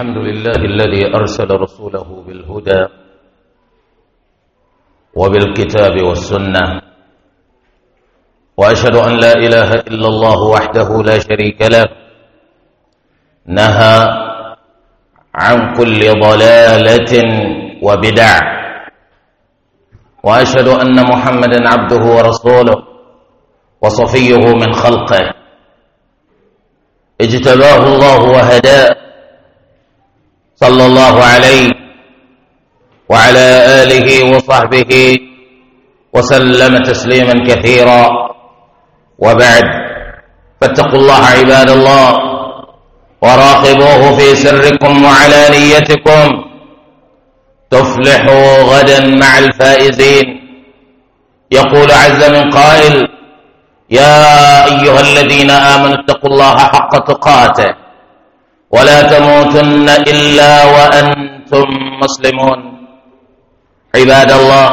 الحمد لله الذي أرسل رسوله بالهدى وبالكتاب والسنة وأشهد أن لا إله إلا الله وحده لا شريك له نهى عن كل ضلالة وبدع وأشهد أن محمدا عبده ورسوله وصفيه من خلقه اجتباه الله وهداه صلى الله عليه وعلى آله وصحبه وسلم تسليما كثيرا وبعد فاتقوا الله عباد الله وراقبوه في سركم وعلانيتكم تفلحوا غدا مع الفائزين يقول عز من قائل يا أيها الذين آمنوا اتقوا الله حق تقاته ولا تموتن إلا وأنتم مسلمون عباد الله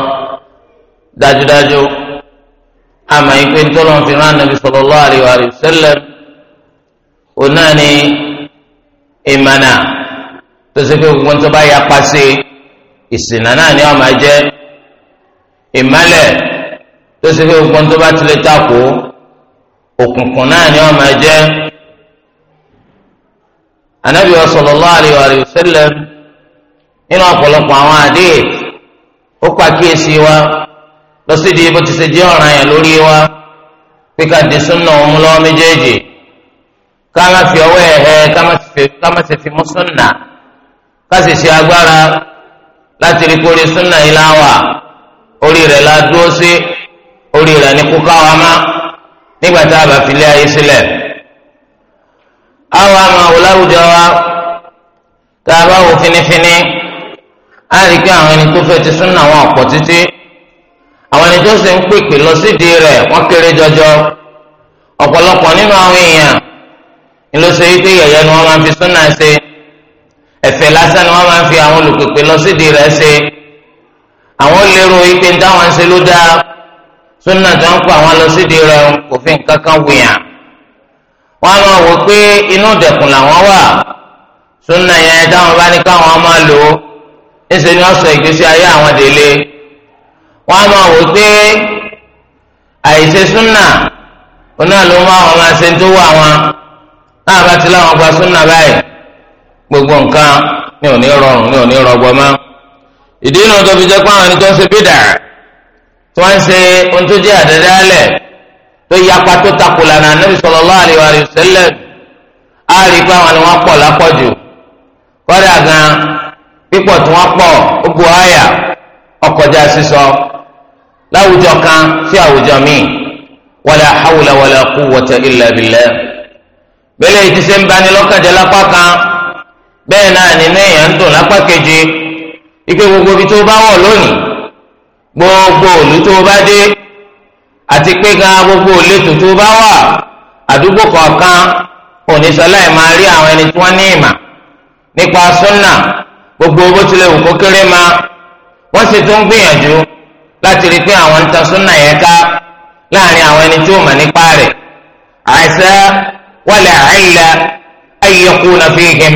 داجو داجو أما يكون تلون في النبي صلى الله عليه وآله وسلم وناني إمانا تسكي كنت بايا قاسي ìsìnànà ni ọmọ jẹ ìmálẹ̀ tó ṣe pé gbogbo tó bá tilẹ̀ takò òkùnkùn anabi sallallahu alayhi wa sallam nínú ọ̀pọ̀lọpọ̀ àwọn àdéhì ó kọ àkíyèsí wa lọ sí di bó ti ṣe jẹ́ ọ̀ràn yẹn lórí wa pé ká di súnà òun lọ́wọ́ méjèèjì ká má fi ọwọ́ ẹ̀ hẹ́ ká má sì fi mú súnà ká sì ṣe agbára láti rí kórè súnà yìí láwà orí rẹ̀ la dúró sí orí rẹ̀ ní kúkà wa má nígbà tá a bá filẹ̀ ayé sílẹ̀ àwọn àmọ́ ọ̀làwùjọ wa tá a bá wò finifini á rí i pé àwọn ẹni tó fẹ́ ti súnà wọn ọ̀pọ̀ títí àwọn ẹni tó sì ń pèpè lọ sídìí rẹ̀ wọ́n kéré jọjọ ọ̀pọ̀lọpọ̀ nínú àwọn èèyàn ńlọsẹ̀ yìí pé yẹ̀yẹ́ ni wọ́n máa fi súnà ṣe ẹ̀fẹ̀ lásán ni wọ́n máa fi àwọn olùpèpè lọ sídìí rẹ̀ ṣe àwọn lérò ipe táwọn ń ṣe ló dáa súnà tó ń pa àwọn lọ sídìí rẹ̀ kò fi wìyàn wọn lọ wò pé inú dẹkùn làwọn wà súnà yẹn táwọn bá ní káwọn máa lò ó ńṣe ni wọn sọ ìgbésí ayé àwọn délé wọn máa wò pé àìṣe súnà oná ló máa wọn máa ṣe tó wà wọn náà bá ti láwọn gba súnà báyìí gbogbo nǹkan mi ò ní rọrùn mi ò ní rọgbọ mọ́ ìdí inú tó fi jẹ́ pé àwọn ẹni tó ń ṣe bídà tí wọ́n ń ṣe ohun tó jẹ́ àdádálẹ̀. tó yapa tó takò lànà anabi sallallahu alaihi wa sallam á rí i pé àwọn ni wọ́n pọ̀ lápọ̀jù kọ́dà gan pípọ̀ tí wọ́n pọ̀ ó bu àyà sísọ láwùjọ kan sí àwùjọ míì wala hawla wala quwwata illa billah bẹ́lẹ̀ ìdí sẹ́ ń bani lọ́kànjẹ́ lápá kan bẹ́ẹ̀ náà nínú èèyàn keje ike gbogbo ibi tó bá wọ̀ gbogbo òlú tó bá àti pé gan gbogbo ìletò tó bá wà àdúgbò kọ̀ọ̀kan oníṣọlá ẹ̀ máa rí àwọn ẹni tí wọ́n ní ìmà nípa súnà gbogbo owó tilẹ̀ wù kó kéré ma wọ́n sì tún gbìyànjú láti rí pé àwọn ń tan súnà yẹn ká láàrin àwọn ẹni tí ó mọ̀ nípa rẹ̀ àìsẹ́ wàlẹ̀ àìlẹ̀ ayẹ̀kú na fi hìm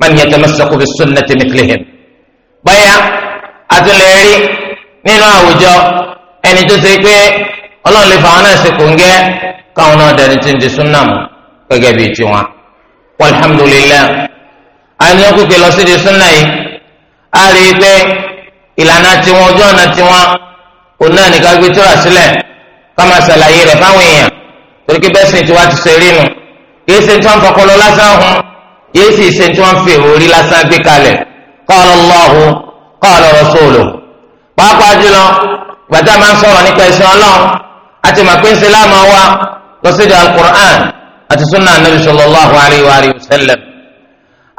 man yatamassaku bi sunnati mithlihim. báyà a tún lè rí nínú àwùjọ ẹni tó ṣe pé ọlọ́run lè fa àwọn náà ṣe kò ń gẹ́ káwọn náà dẹni tí ń di súnà mú gẹ́gẹ́ bíi tiwọn. alhamdulilayi àníyàn kúkẹ́ lọ sí di súnà yìí a rí i pé ìlànà tiwọn ojú ọ̀nà tiwọn òun náà ní gbé tóra sílẹ̀ ká máa rẹ̀ fáwọn èèyàn torí pé bẹ́ẹ̀ sìn tiwa ti ṣe rí nu kìí ṣe tí wọ́n fọkọlọ lásán hun yìí sì ṣe tí wọ́n fi òórí lásán gbé kalẹ̀ qala Allahu qala pàápàá jùlọ gbàtà máa ń sọ̀rọ̀ nípa ìsìn ọlọ́run àti màpínsẹ́ láàmà wa lọ́sídìí alukur'an àti sunna anabi sallallahu alayhi wa sallam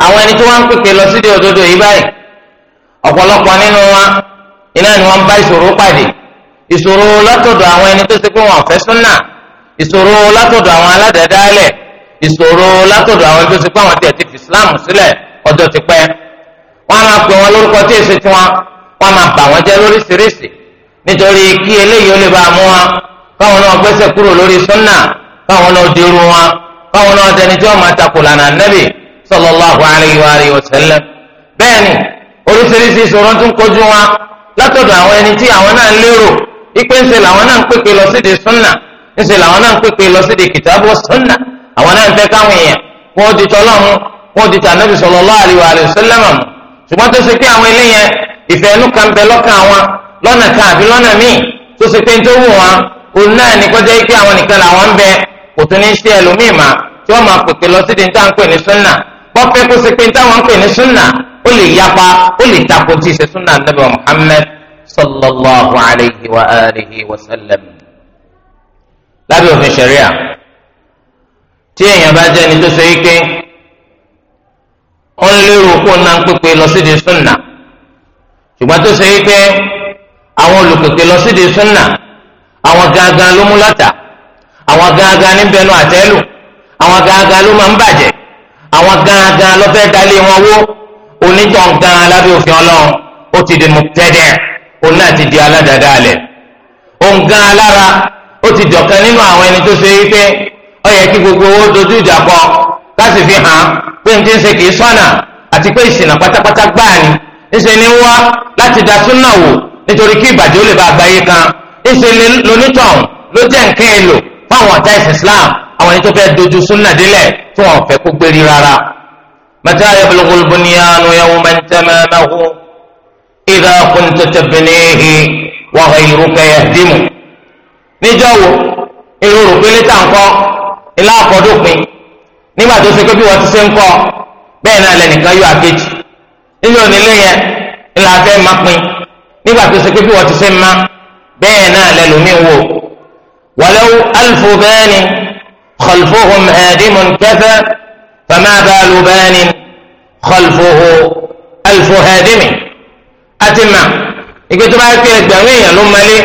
àwọn ẹni tí wọ́n ń pèpè lọ́sídìí òdodo yìí báyìí ọ̀pọ̀lọpọ̀ nínú wa iná ni wọ́n bá ìṣòro pàdé ìṣòro látọ̀dọ̀ àwọn ẹni tó ṣe pé wọ́n fẹ́ súnà ìṣòro látọ̀dọ̀ àwọn aládàádáálẹ̀ ìṣòro látọ̀dọ̀ àwọn tó ṣe pé àwọn tiẹ̀ ti fi islam sílẹ̀ ọjọ́ ti pẹ́ wọ́n á máa pè wọn lórúkọ tí èsì tiwọn wọ́n á máa bà wọ́n jẹ́ lóríṣiríṣi nítorí kí eléyìí ó lè bá a mú wọn káwọn náà gbẹ́sẹ̀ kúrò lórí sunna káwọn náà dèrò wọn káwọn náà dẹni tí wọ́n máa takò lànà nẹ́bì sallallahu alayhi wa alihi wa sallam. bẹ́ẹ̀ni oríṣiríṣi ìṣòro tún kojú wọn látọ̀dọ̀ àwọn ẹni tí àwọn náà ń lérò ipe ńṣe làwọn náà ń pèpè lọ síde sunna ńṣe làwọn náà ń pèpè lọ síde kìtàbù sunna àwọn náà ń fẹ́ káwọn èèyàn wọn ò di tọ́lọ́mù wọn ò di tànàbì sallallahu alayhi wa sallam mọ̀ ṣùgbọ́n òun náà ní kọjá pé àwọn nìkan làwọn ń bẹ kò tún ní ṣe ẹlòmíì mà tí wọ́n máa pèpè lọ sídìí níta ń pè ní súnà pọ́fẹ́ kó ṣe pé táwọn ń pè ní súnà ó lè yapa ó lè takò tí ì ṣe súnà nàbẹ Muhammad sallallahu alayhi wa alihi wa sallam. lábẹ́ òfin ṣẹ̀ríà tí èèyàn bá jẹ́ ẹni tó ṣe é pé ó ń lérò kó ń ń pèpè lọ sídìí súnà ṣùgbọ́n tó ṣe é pé àwọn olùpèpè lọ sídìí súnà àwọn gangan ló mú lọ́tà àwọn gangan ní bẹnu àtẹ́lù àwọn gangan ló máa ń bàjẹ́ àwọn gangan ló fẹ́ dalé wọn wó onítàn gan lábẹ́ òfin ọlọ́run ó ti di mọ̀tẹ́dẹ̀ òun náà ti di aládàáda alẹ̀ òun gan alára ó ti dọ̀kan nínú àwọn ẹni tó ṣe é pé ó yẹ kí gbogbo owó dojú ìjà kọ láti fi hàn pé n ti ń ṣe kì í sọ́nà àti pé ìsìnà pátápátá gbáà ni ń ṣe ní wá láti da súnà wò nítorí kí ìbàjẹ́ ó lè bá àgbáyé kan ìṣẹ̀lẹ̀ lonítọ̀hún ló jẹ́ nǹkan èlò fáwọn ọ̀tá ìsìn Islam àwọn ẹni tó fẹ́ dojú súnà délẹ̀ tí wọn fẹ́ kó gbérí rárá. mata yablughul bunyanu yawman tamamahu idha kunta tabnihi wa ghayruka yahdimu. níjọ́ wo èrò rò pé létà ńkọ́ ilá àkọ́dópin nígbà tó ṣe pé bí wọ́n ti ṣe ń kọ́ bẹ́ẹ̀ náà lẹ́nìkan yọ àkejì nínú onílé yẹn ńlá fẹ́ máa pin nígbà tó ṣe pé bí wọ́n ti ṣe ń máa bẹ́ẹ̀ náà lẹ́lòmí wò walaw alfu bani khalfuhum hadimun kafa fama balu bani khalfuhu alfu hadimin àti mà ike tó bá ké ẹgbẹ̀rún èèyàn ló malé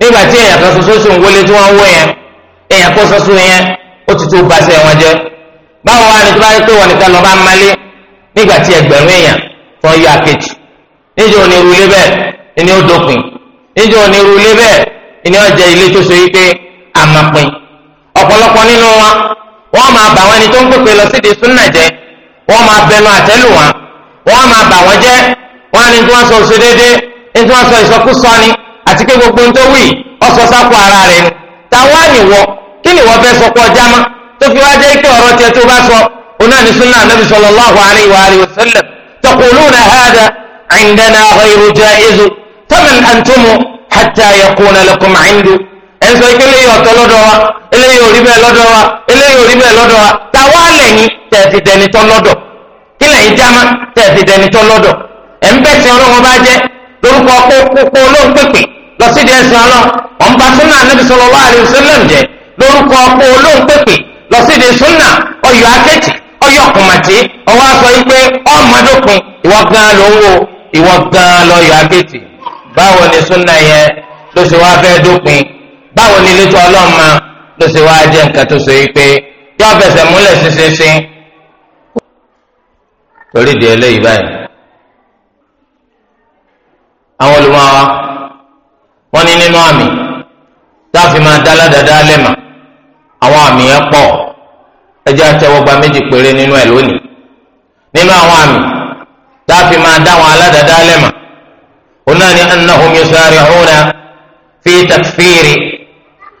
nígbà tí èèyàn kan ṣoṣo sì tí wọ́n ń wọ yẹn èèyàn kan ṣoṣo ti tó basẹ̀ wọn jẹ́ báwo wá ni tó bá wọn nìkan lọ bá nígbà tí ẹgbẹ̀rún èèyàn fọ́n yọ àkejì níjẹ́ òní irú ilé bẹ́ẹ̀ ni níjẹ́ onírú ilé bẹ́ẹ̀ ìní ọjà ilé tó so yìí pé àmàpin ọ̀pọ̀lọpọ̀ nínú wa wọ́n máa bà wọn ẹni tó ń pèpè lọ sídìí súnà jẹ́ wọ́n máa bẹnu àtẹ́lù wọn wọ́n máa bà wọ́n jẹ́ wọ́n á ní tí wọ́n sọ òṣè déédéé ní tí wọ́n sọ ìsọkúsọ ni àti pé gbogbo ohun tó wì ọ̀sọ̀ sáko ara rẹ̀ ni táwa nìwọ kí nìwọ fẹ́ sọ pọ̀ jámá tó fi wá jẹ́ ike ọ̀rọ̀ tiẹ̀ tó bá sọ oná ní súnà anábì sallallahu alaihi wa alihi wa sallam taquluna hada tẹ́lẹ̀ àǹtọ́mù hàtà yẹkùnà lẹ́kùn màáyìndù ẹ̀ ń sọ pé eléyìí ọ̀tọ̀ lọ́dọ̀ wa eléyìí òrí bẹ́ẹ̀ lọ́dọ̀ wa eléyìí òrí bẹ́ẹ̀ lọ́dọ̀ wa ta wá lẹ́yìn tẹ̀sí dẹni tọ́ lọ́dọ̀ kí lẹ́yìn jámá tẹ̀sí dẹni tọ́ lọ́dọ̀ ẹ̀ ń bẹ̀sẹ̀ ọlọ́run bá jẹ́ lórúkọ kókó olóhùn pèpè lọ sí di ẹ̀sìn ọlọ́ ọ̀n bá súnà anábì sallallahu alaihi wasallam jẹ́ lórúkọ kókó olóhùn lọ sí di súnà ọyọ akẹ́tì ọyọ kùmàtì ọwọ́ aṣọ yìí pé ọmọdókun ìwọ gan ló wo ìwọ gan lọ yọ akẹ́tì báwo ni súnà yẹn ló ṣe wá fẹ́ dópin báwo ni ilé tó ọlọ́mọ ló ṣe wá jẹ́ nǹkan tó so yìí pé yọ fẹsẹ̀ múlẹ̀ ṣinṣinṣin. torí di eléyìí báyìí àwọn olùmọ̀ wa wọ́n ní nínú àmì táàfin máa dá ládàáda lẹ́mà àwọn àmì yẹn pọ̀ ẹjẹ́ àtẹwọ́gba méjì péré nínú ẹ̀ lónìí nínú àwọn àmì táàfin máa dá àwọn aládàáda lẹ́mà náà أنهم يسارعون في تكفير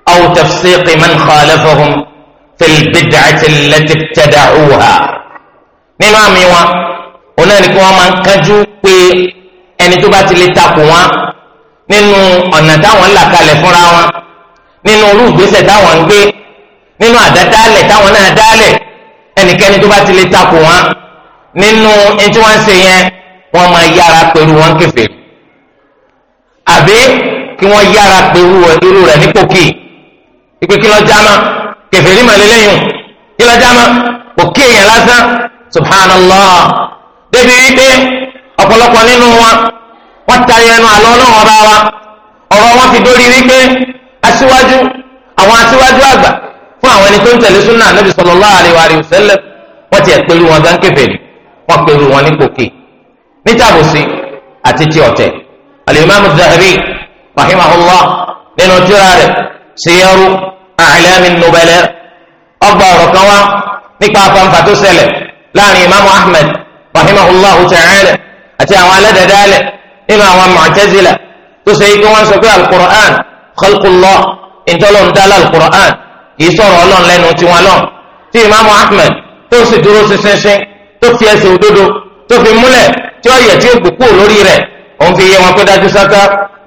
أو تفسيق من خالفهم في fil التي allati ibtada'uha nínú àmì wọn òun náà ni kí wọn máa ń kájú pé ẹni tó bá ti lè takò wọn nínú ọ̀nà táwọn ń là kalẹ̀ fúnra wọn nínú irú ìgbésẹ̀ táwọn ń gbé nínú àdádálẹ̀ táwọn náà dálẹ̀ ẹnikẹ́ni tó bá ti lè takò wọn nínú ẹni tí wọ́n ń ṣe yẹn wọ́n máa yára pẹ̀lú wọn kèfèrí àbí kí wọ́n yára pé irú rẹ̀ ní pòkì ìpè kí lọ́ọ́ jáma kẹfẹ́rí màlélẹ́yìn kí lọ́ọ́ jáma pòkì èèyàn lásán subhanallah débi wípé ọ̀pọ̀lọpọ̀ nínú wa wọ́n tayọ ẹnu àlọ́ náà ọba wa ọ̀rọ̀ wọn fi dórí wípé aṣíwájú àwọn aṣíwájú àgbà fún àwọn ẹni tó ń tẹ̀lé súnà Ànábì sallallahu alaihi wa sallam wọ́n ti ẹ̀ pẹ̀lú wọn gán kẹfẹ́rí wọ́n pẹ̀lú wọn ní pòkì níta àbòsí àti ti ọ̀tẹ̀ alimami zahabi rahimahullah nínú tírà rẹ̀ siyaru a'lami nubala ọgbà ọ̀rọ̀ kan wá nípa fanfa tó ṣẹlẹ̀ láàrin imaamu ahmed rahimahullah ta'ala àti àwọn aládàdálẹ̀ nínú àwọn mu'tazila tó ṣe ikú wọn sọ pé alukur'an khalqullah ìtọ́lọ́ ń dálá alukur'an kì í sọ̀rọ̀ ọlọ́run lẹ́nu tiwọn lọ́n tí imaamu ahmed tó sì dúró ṣinṣinṣin tó fi ẹsẹ̀ òdodo tó fi múlẹ̀ tí ó yẹ tí ó gbùkú lórí rẹ̀ òun fi yé wọn pé dájú sáká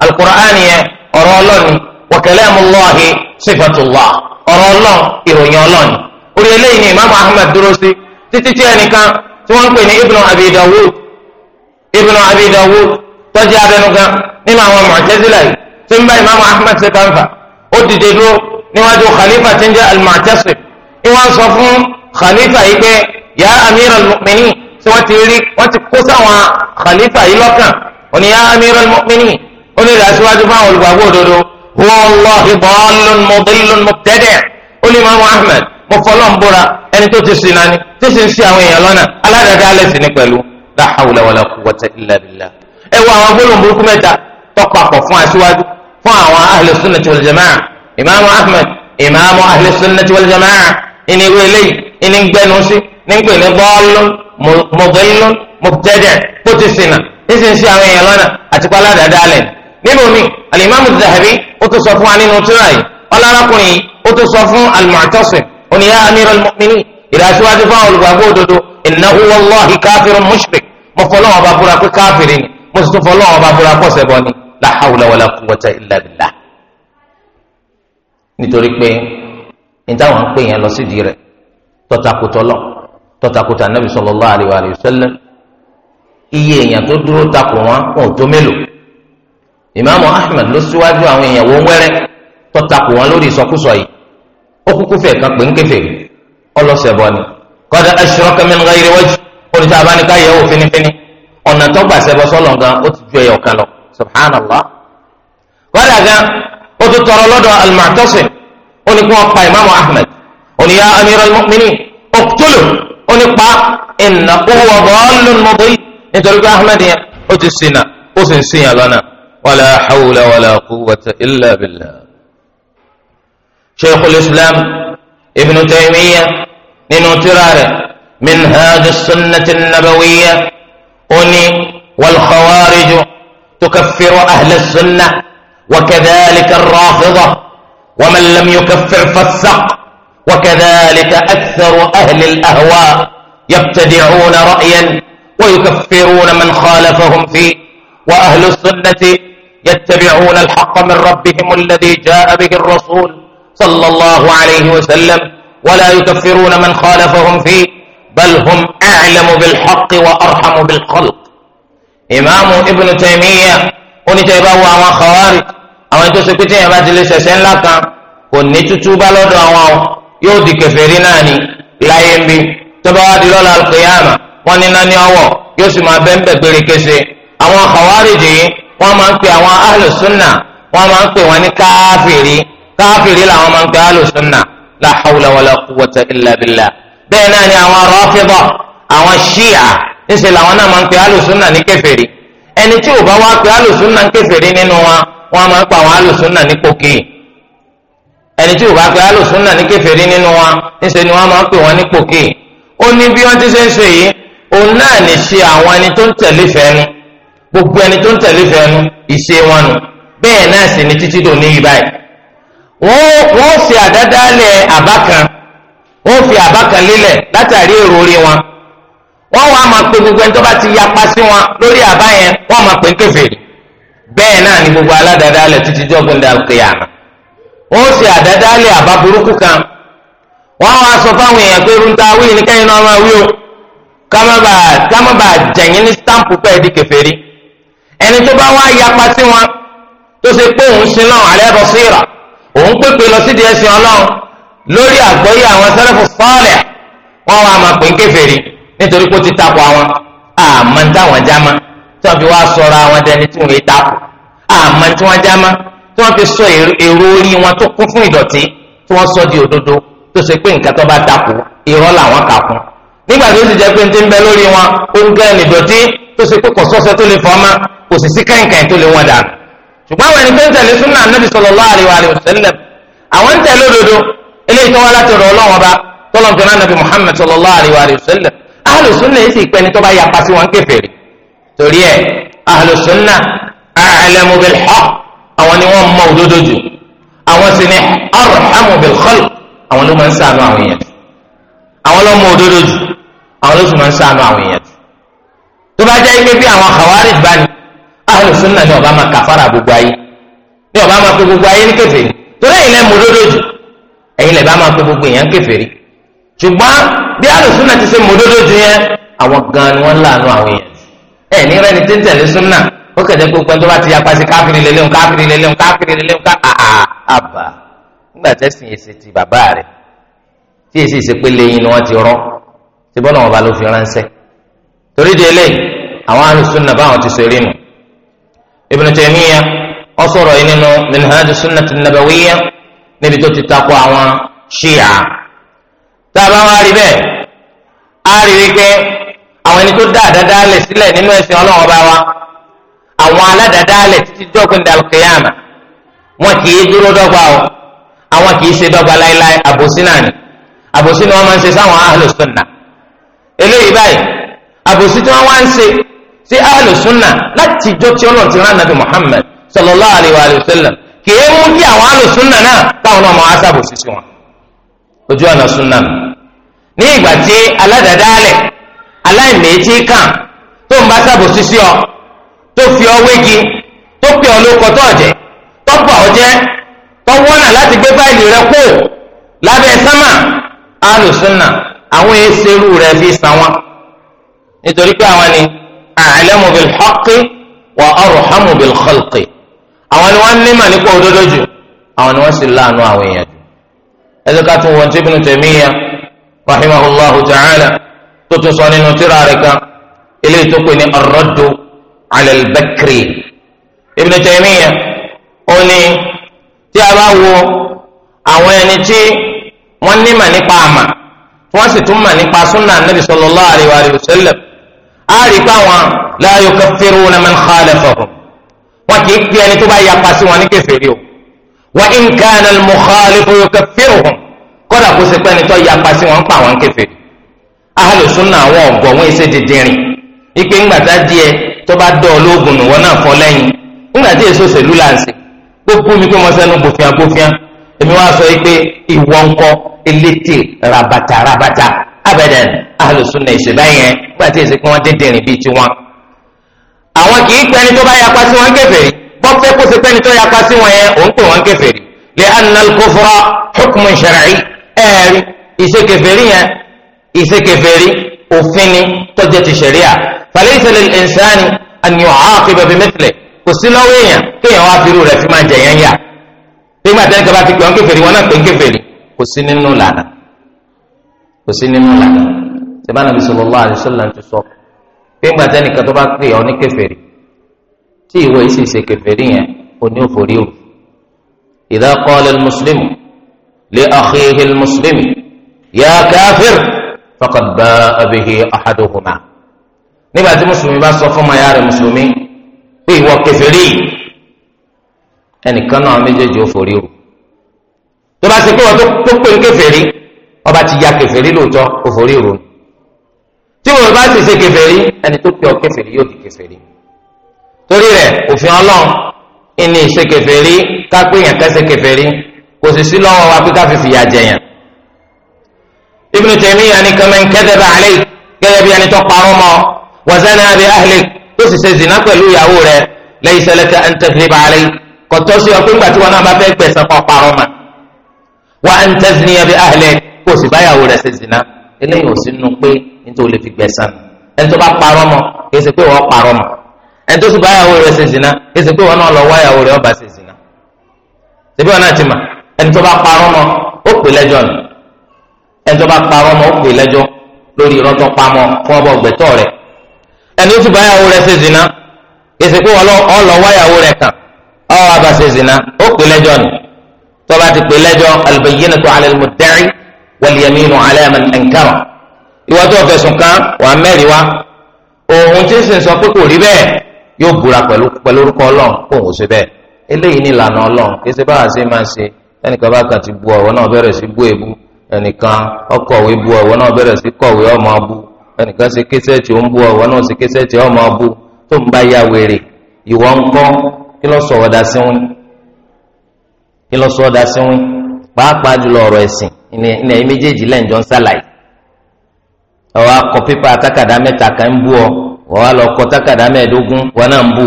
alukur'an yẹn ọ̀rọ̀ ọlọ́ni wa kalamullahi sifatullah ọ̀rọ̀ ọlọ́n ìròyìn ọlọ́ni orí eléyìí ni imaamu ahmed dúró sí títí tí ẹnìkan tí wọ́n ń pè ní ibnu abi dawud ibnu abi dawud tọ́jú abẹnugan nínú àwọn mu'tazila yìí tí ń bá imaamu ahmed ṣe kànfà ó dìde dúró níwájú khalifa tí ń jẹ́ al-mu'tasim ìwọ́n sọ fún khalifa yìí pé ya amir al tí wọ́n ti rí wọ́n ti kó sáwọn khalifa yìí lọ́kàn òní yá amírọ̀ mọ́mìnì ó lè rà síwájú fáwọn olùgbàgbọ́ òdodo wọ́ọ́lọ́hì bọ́ọ̀lùn mọ̀bílùn mọ̀tẹ́dẹ̀ ó lè máa mọ ahmed mo fọlọ́n búra ẹni tó ti sìn nání tí sì ń sí àwọn èèyàn lọ́nà aládàáda alẹ́ sí ni pẹ̀lú la hawla wala quwwata illa billah ẹ wo àwọn gbólóhùn burúkú mẹ́ta tọ́kọ àpọ̀ fún aṣíwájú fún àwọn ahli sunnati wal jamaa imaamu ahmed imaamu ahli sunnati wal jamaa ìní ìwé eléyìí ìní gbẹnu sí ní pè ní bọ́ọ̀lùn ti sìn náà nísinsìnyí àwọn èèyàn lọ́nà àti pa aládàáda lẹ̀ nínú mi alimami zahabi ó tó sọ fún wa nínú tíra yìí ọlọ́rọ̀kùnrin yìí ó tó sọ fún al-Mu'tasim oníyà amiral mu'minin ìdásíwájú fún àwọn olùgbàgbọ́ òdodo innahu wallahi káfírun mushrik mo fọlọ́ wọn bá búra pé káfírin ni mo sì tún fọlọ́ wọn bá búra pọ̀ sẹ́bọ̀ ń pè yẹn lọ sídìí rẹ̀ tọ́takùtọ̀ lọ tọ́takùtà nàbì sallallahu alaihi wa sallam iye èèyàn tó dúró takò wọn wọn ò tó mélòó ìmáàmù ahmed ló síwájú àwọn èèyàn wọn wẹ́rẹ́ tó takò wọn lórí ìsọkúsọ yìí ó kúkú fẹ́ kan pé ń kéfè ọlọ́sẹ̀ bọ́ ni kọ́dà ashraka min ghairi wajh oníṣẹ́ abáníká yẹ̀ wò finifini ọ̀nà tó gbà sẹ́bọ̀ sọ́lọ̀ gan ó ti ju ẹyọ kan lọ subhanallah kọ́dà gan ó tún tọrọ lọ́dọ̀ al ó ní kí pa ìmáàmù ahmed ó ní ya amira al ó ní pa innahu huwa dhallun mudil nítorí pé ahmed yẹn ó ti sin náà ó sì ń sin yàn lọ́nà wàlá hawla wàlá quwwata illa sheikh sheikhul islam ibn taymiya nínú tírà rẹ̀ min minhaj sunnati nabawiya ó ní wal khawarij tukaffiru ahla sunnah وكذلك الرافضة ومن لم يكفر فالسق وكذلك أكثر أهل الأهواء يبتدعون ra'yan. ويكفرون من خالفهم فيه وأهل السنة يتبعون الحق من ربهم الذي جاء به الرسول صلى الله عليه وسلم ولا يكفرون من خالفهم فيه بل هم أعلم بالحق وأرحم بالخلق إمام ابن تيمية ونتبعوا عما خوارج àwọn ètò sèpétè yẹn bá ti lè ṣẹ̀ṣẹ̀ ńlá kan kò ní tútú bá lọ́dọ̀ àwọn yóò di kèfèrí náà ni láyé ń bí tó bá wá wọ́n ní nání ọwọ́ yóò sì máa bẹ́ẹ̀ bẹ́ẹ̀ gbére kése àwọn khawarij yìí wọ́n máa ń pè àwọn ahlu sunna wọ́n máa ń pè wọ́n ní káfìrí káfìrí làwọn máa ń pè ahlu sunna la hawla wala quwwata illa billah bẹ́ẹ̀ náà ni àwọn rọ́fíbọ̀ àwọn ṣíà ńṣe làwọn náà máa ń pè ahlu sunna ní kèfèrí ẹni tí ò bá wá pè ahlu ní kèfèrí nínú wọn wọ́n máa ń pè àwọn ahlu ní pòkì ẹni tí ò bá pè ahlu ní kèfèrí nínú wọn ńṣe ni wọ́n máa ń pè wọ́n ní pòkì ó ní bí wọ́n ti ṣe ń ṣe yìí òun náà ṣe àwọn ẹni tó ń tẹ̀lé fẹ́nu gbogbo ẹni tó ń tẹ̀lé fẹ́nu ìṣe wọn nù bẹ́ẹ̀ náà sì ni títí dòní yìí báyìí. wọ́n ṣe àdádálẹ̀ àbá kan wọ́n fi àbá kan lélẹ̀ látàrí èrò orí wọn wọ́n wá máa pe gbogbo ẹni tó bá ti yapa sí wọn lórí àbá yẹn wọ́n máa pe kèfèrí bẹ́ẹ̀ náà ni gbogbo aládàádálẹ̀ títí jọ́gbìn dàkìyàmà wọ́n kan wọ́n wá sọ fáwọn èèyàn pé náà máa wí o. kámábà kámábà jẹ̀yìn ní stampu pẹ́ẹ́ di kèfèrí ẹni tó bá wá yapa sí wọn tó ṣe pé òun sin náà alẹ́ bọ̀ sí ìrà òun pépè lọ sídìí ẹ̀sìn ọlọ́run lórí àgbọ́yé àwọn sẹ́lẹ̀fù sọ́ọ̀lẹ̀ wọn wá máa pè ń kèfèrí nítorí pé ó ti takò àwọn àmọ́ ń táwọn jámá tí wọ́n fi wá sọ̀rọ̀ àwọn dẹni tí wọ́n yé takò àmọ́ tí wọ́n jámá tí wọ́n fi sọ èrò orí wọn tó kún fún ìdọ̀tí tí wọ́n sọ di òdodo tó ṣe pé nǹkan tó bá takò irọ́ làwọn kà kún nígbà tó ti jẹ́ pé ti ń bẹ lórí wọn ó ń gẹ́ ìdọ̀tí tó ṣe pé kò sọ́sọ́ tó lè fọ́ọ́mà kò sì sí kẹ̀kẹ́ tó lè wọ́n dànù ṣùgbọ́n àwọn ẹni tó ń tẹ̀lé súnà anábì sallallahu alaihi wa àwọn ń tẹ̀lé òdodo eléyìí tó wá láti rọ̀ ọlọ́wọ́n bá tọ́lọ́n tó náà Muhammad sallallahu alaihi wa sallam ahlu sunna yìí sì pẹ́ ni tó yapa sí wọn kèfèrí torí ẹ̀ ahlu sunna a'lamu àwọn ló mọ òdodo jù àwọn ló sì máa ń sáànù àwọn èèyàn jù tó bá jẹ́ ike bí àwọn Khawarij bá ní Ahlus Sunnah ní ọba máa kàfàrà gbogbo ayé ní ọba máa pe gbogbo ayé ní kèfèrí torí ẹ̀yin lẹ́ mú òdodo jù ẹ̀yin lẹ́ bá máa pe gbogbo èèyàn kèfèrí ṣùgbọ́n bí Ahlus Sunnah ti ṣe mú òdodo jù yẹn àwọn gan ni wọ́n láàánú àwọn èèyàn ẹ̀ ní rẹ́ni tí ń tẹ̀lé ó kẹ̀dẹ́ gbogbo tó bá ti yapa sí káfíìrì lélẹ́hùn káfíìrì lélẹ́hùn káfíìrì lélẹ́hùn ká tí bọ́lá wọn bá ló fi ránṣẹ́ torí de eléyìí àwọn alùsùnà báwọn ti ṣe rí nu Ibn Taymiyyah ó sọ̀rọ̀ yìí nínú minhaj sunnati nabawiyyah níbi tó ti takò àwọn ṣíà tá a bá wá rí bẹ́ẹ̀ á rí wípé àwọn ẹni tó dáadáa dálẹ̀ sílẹ̀ nínú ẹ̀sìn ọlọ́wọ́n bá wa àwọn aládàádáalẹ̀ títí dọ́gbìn dàlùkìyàmà wọn kì í dúró dọ́gba o àwọn kì í ṣe dọ́gba láéláé àbòsí ni àbòsí ni máa ń ṣe sáwọn ahlùsùnà eléyìí báyìí àbòsí tí wọ́n wá ń ṣe sí ahlu sunna láti ìjọ tí ọlọ́run ti rán nàbí muhammad sallallahu alayhi wa sallam kì í mú kí àwọn ahlu sunna náà táwọn náà máa ṣàbòsí sí wọn ojú ọ̀nà sunna ní ìgbà tí aládàádáálẹ̀ aláìmẹ̀ẹ́tì kàn tó ń bá ṣàbòsí sí ọ tó fi ọ wégi tó pè ọ lóko tó ọ̀jẹ̀ tó pọ̀ láti gbé báyìí rẹ kó lábẹ́ sámà ahlu sunna àwọn eṣerú rẹ̀ fi san wọn nítorí pé àwọn ni a'lamu bil haqqi wa arhamu bil khalqi àwọn ni wọ́n nímọ̀ nípa òdodo jù àwọn ni wọ́n sì láàánú àwọn èèyàn jù ẹsẹ̀ ká tún wọ́n tí Ibn Taymiyyah rahimahullahu ta'ala tó tún sọ nínú tírà rẹ̀ kan eléyìí tó pè ní ar-raddu 'ala al-bakri ó ní tí a bá wo àwọn ẹni tí wọ́n nímọ̀ nípa àmà wọ́n sì tún mà nípa súnà nàbì sallallahu alaihi wa sallam á rí i pé àwọn la yukaffiruna man khalafahum wọn kì í pé ẹni tó bá yapa sí wọn ní kèfèrí o wa in kana al-mukhalifu yukaffiruhum kódà kó ṣe ẹni tó yapa sí wọn pa àwọn kèfèrí ahlu sunna àwọn ọ̀gọ̀ wọn ṣe dídìrín ike ńgbàdá díẹ̀ tó bá dọ̀ ológun nìwọ náà fọ lẹ́yìn ńgbàdá èmi wá sọ pé ìwọ ńkọ́ elétè rabata rabata abẹ́dẹ̀n alùsùn náà ìṣẹ̀lẹ̀ yẹn nígbà tí èsì pé wọ́n dín dìrín bíi tiwọn. àwọn kì í pẹ́ni tó bá yapa sí wọn kèfèrí wọ́n fẹ́ kó ṣe pẹ́ni tó yapa sí wọn yẹn òun pè wọ́n kèfèrí lè anal kófúra hukmun ẹ̀ẹ́rì ìṣe kèfèrí yẹn ìṣe kèfèrí òfin ni tọ́jú ti ṣẹ̀ríà falaysa lil insani an nígbà tẹ́ni kaba ti pè ọ́n kèfèrí wọn náà pè ń kèfèrí kò sí nínú lànà kò sí nínú lànà sèbáná bí sallallahu alaihi wasallam ti sọ pé ńgbà tẹ́ni kan tó bá pè ọ́ ní kèfèrí tí ìwọ yìí sì ṣe kèfèrí yẹn ò ní òfòrí o idha qala al-muslimu li akhihi al-muslimi ya kafir faqad nígbà tí mùsùlùmí bá sọ fún ọmọ mùsùlùmí pé ìwọ kèfèrí yìí ẹnìkan náà méjèèjì ó forí rù tó bá ṣe pé wọn tó pé ń kèfèrí ọba ti ya kèfèrí lóòótọ́ ó forí rù tí wọn bá sì ṣe kèfèrí ẹni tó pè ọ kèfèrí yóò di kèfèrí torí rẹ̀ òfin Ọlọ́run ìní ṣe kèfèrí ká pé yẹn ká ṣe kèfèrí kò sì sí lọ́wọ́ wa pé ká fi fìyà jẹ yẹn. Ibn Taymiyyah ni kaman kadhaba alayk gẹ́gẹ́ bí ẹni tó parọ́ mọ́ wa zana bi ahlik tó sì ṣe zina pẹ̀lú ìyàwó rẹ̀ laysa laka an tadhriba alayk kọtọ sí ọ pé ńgbà tí wọn náà bá fẹ́ gbẹ̀san kan parọ́ mà wà á ń tẹ́sí ní ẹbí ahìlẹ̀ kó o sì báyàwó rẹ̀ ṣe zina eléyìí ò sí nù pé nítorí o lè fi gbẹ̀san ẹni tó bá parọ́ mọ́ kì í ṣe pé wọ́n parọ́ mọ́ ẹni tó sì báyàwó rẹ̀ ṣe zina kì í ṣe pé wọ́n náà lọ wáyàwó rẹ̀ ọba ṣe zina ṣebí wọn náà ti mà ẹni tó bá parọ́ mọ́ ó pè lẹ́jọ́ ni ẹni tó bá parọ́ mọ́ ó pè lẹ́jọ́ lórí irọ́ tó fún ọbọ̀ gbẹ̀tọ́ rẹ̀ ẹni tó sì báyàwó rẹ̀ ṣe zina kì pé wọ́n lọ wáyàwó rẹ̀ kàn ọwọ́ abàṣẹ zina ó pè lẹ́jọ́ ni tọ́ba ti pè lẹ́jọ́ albayyinatu ala al-mudda'i wal-yaminu ala man ankara ìwà tó fẹ̀sùn kàn wà mẹ́rin wa òun tí ń sìn sọ pé kò rí bẹ́ẹ̀ yóò búra pẹ̀lú pẹ̀lú orúkọ ọlọ́run kó òun ṣe bẹ́ẹ̀ eléyìí ní ìlànà ọlọ́run kí ṣe báwa ṣe máa ṣe ẹnìkan bá kàn bu ọ̀wọ́ náà bẹ̀rẹ̀ sí bú èbú ẹnìkan ọkọ̀wé bu ọ̀wọ́ náà bẹ̀rẹ̀ sí kọ̀wé ọmọ abú ẹnìkan ṣe késẹ́ẹ̀tì ó ń bu ọ̀wọ́ náà ṣe késẹ́ẹ̀tì ọmọ abú tó ń bá ya wèrè ìwọ ń kọ́ ịlọsọ ló sọ wọn pàápàá jùlọ ọ̀rọ̀ ẹ̀sìn ní ẹ̀yìn méjèèjì ń sàlàyé mẹ́ta kan ń ọ ọ̀wá lọ kọ tákàdá mẹ́ẹ̀ẹ́dógún wọn náà ń bú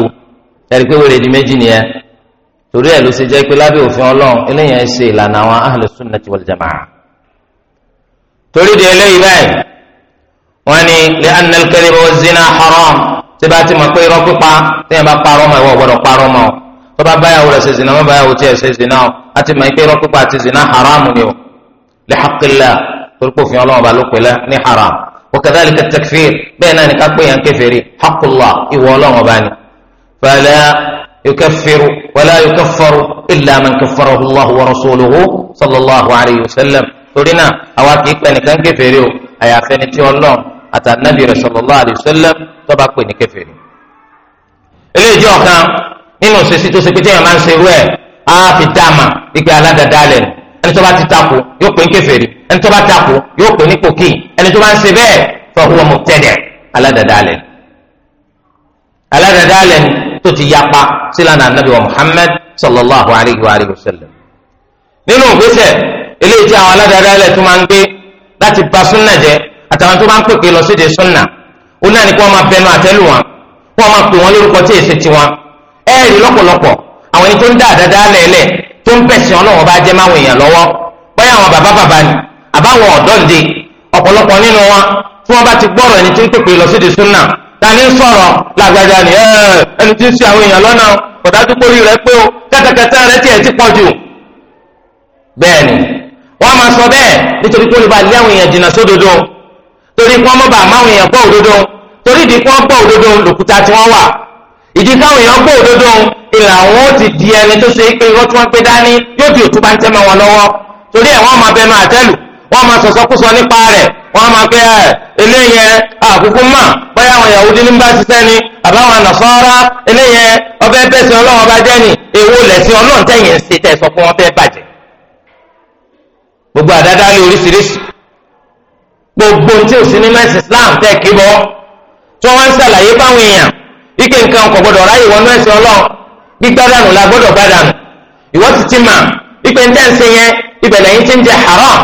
ẹ̀rí pé wèrè di méjì nìyẹn torí ẹ̀ ló ṣe jẹ́ pé lábẹ́ òfin ọlọ́run ṣe ìlànà àwọn torí di eléyìí báyìí wọ́n ní zina haram síbá tí mo pé irọ́ pípa tẹ́yìn bá parọ́ mọ́ ìwọ gbọ́dọ̀ parọ́ mọ́ tó bá báyàwó rẹ̀ ṣe zina má báyàwó tiẹ̀ ṣe zina o a ti mọ̀ pé irọ́ pípa àti zina haramu ni o lè hakilá torípò fi ọlọ́run ba ló pè lẹ́ ní haram wa kadhalika takfir bẹ́ẹ̀ náà ni ká pé yẹn kèfèrí hakulá ìwọ ọlọ́run ọba ni fala yukaffiru wala yukaffaru illa man àtànàbì rẹ̀ sallallahu alaihi wasallam tó bá pè ní kèfèrí. eléyìí jẹ́ ọ̀kan nínú ṣèṣì tó ṣe pé téèyàn máa ń ṣe irú ẹ̀ á fi dáàmà ìgbé aládàádáalẹ̀ ẹni tó bá ti takò yóò pè ní kèfèrí ẹni tó bá takò yóò pè ní pòkì ẹni tó bá ń ṣe bẹ́ẹ̀ fa huwa mubtadi' aládàádáalẹ̀ aládàádáalẹ̀ tó ti yapa sílànà ànábì wa Muhammad sallallahu alayhi wa alihi wa nínú ìgbésẹ̀ eléyìí àtàwọn tó bá ń pèpè lọ síde sunna ó náà ní kí wọ́n máa bẹnu àtẹ́lù wọn kí wọ́n máa pè wọ́n lórúkọ tí èsì tiwọn ẹ rí lọ́pọ̀lọpọ̀ àwọn ẹni tó ń dá àdáda lẹ́lẹ̀ tó ń bẹ̀sìn ọlọ́wọ́ bá jẹ́ máwọn èèyàn lọ́wọ́ bóyá àwọn bàbá bàbá ni àbáwọn ọ̀dọ́ ǹde ọ̀pọ̀lọpọ̀ nínú wọn tí wọ́n bá ti gbọ́rọ̀ ẹni tí ń pèpè lọ síde sunna ta ni ń sọ̀rọ̀ làgbàjà ni ẹni tí ń ṣe àwọn èèyàn lọ́nà kọ̀dájú pórí rẹ pé o kẹ́tẹ̀kẹ́tẹ́ rẹ tiẹ̀ ti pọ̀ jù bẹ́ẹ̀ ni wọ́n máa sọ bẹ́ẹ̀ nítorí pé olùbàdí àwọn èèyàn jìnnà sódodo torí kí wọ́n mọ̀ bá àmáwọn èèyàn gbọ́ òdodo torí ìdí kí wọ́n gbọ́ òdodo lòkúta tí wọ́n wà ìdí káwọn èèyàn gbọ́ òdodo ìlà àwọn ó ti di ẹni tó ṣe é pé irọ́ tí wọ́n gbé dání yóò di òtún bá ń tẹ́mọ̀ wọn lọ́wọ́ torí ẹ̀ wọ́n máa bẹnu àtẹ́lù wọ́n máa sọ̀sọ́kúsọ nípa rẹ̀ wọ́n máa pé ẹ̀ eléyẹn àkókò mà bóyá àwọn Yahudi ní bá ṣiṣẹ́ ni àbáwọn Nasara eléyẹn ọbẹ̀ bẹ́sẹ̀ ọlọ́wọ́n bá jẹ́ ni èwo lẹ̀sìn ọlọ́ọ̀tẹ̀yìn ṣe tẹ̀ sọ fún wọn fẹ́ bàjẹ́ gbogbo àdáda lé oríṣiríṣi gbogbo tí o sì ní mẹ́sìn Islam tẹ̀ kí bọ́ tí wọ́n ń ṣàlàyé fáwọn èèyàn ike nǹkan kò gbọdọ̀ ráyè wọnú ẹ̀sìn Ọlọ́run gbígbádànù la gbọdọ̀ gbádànù ìwọ ti ti mà ipe ń tẹ̀sí yẹn ibẹ̀ lẹ́yìn ti ń jẹ haram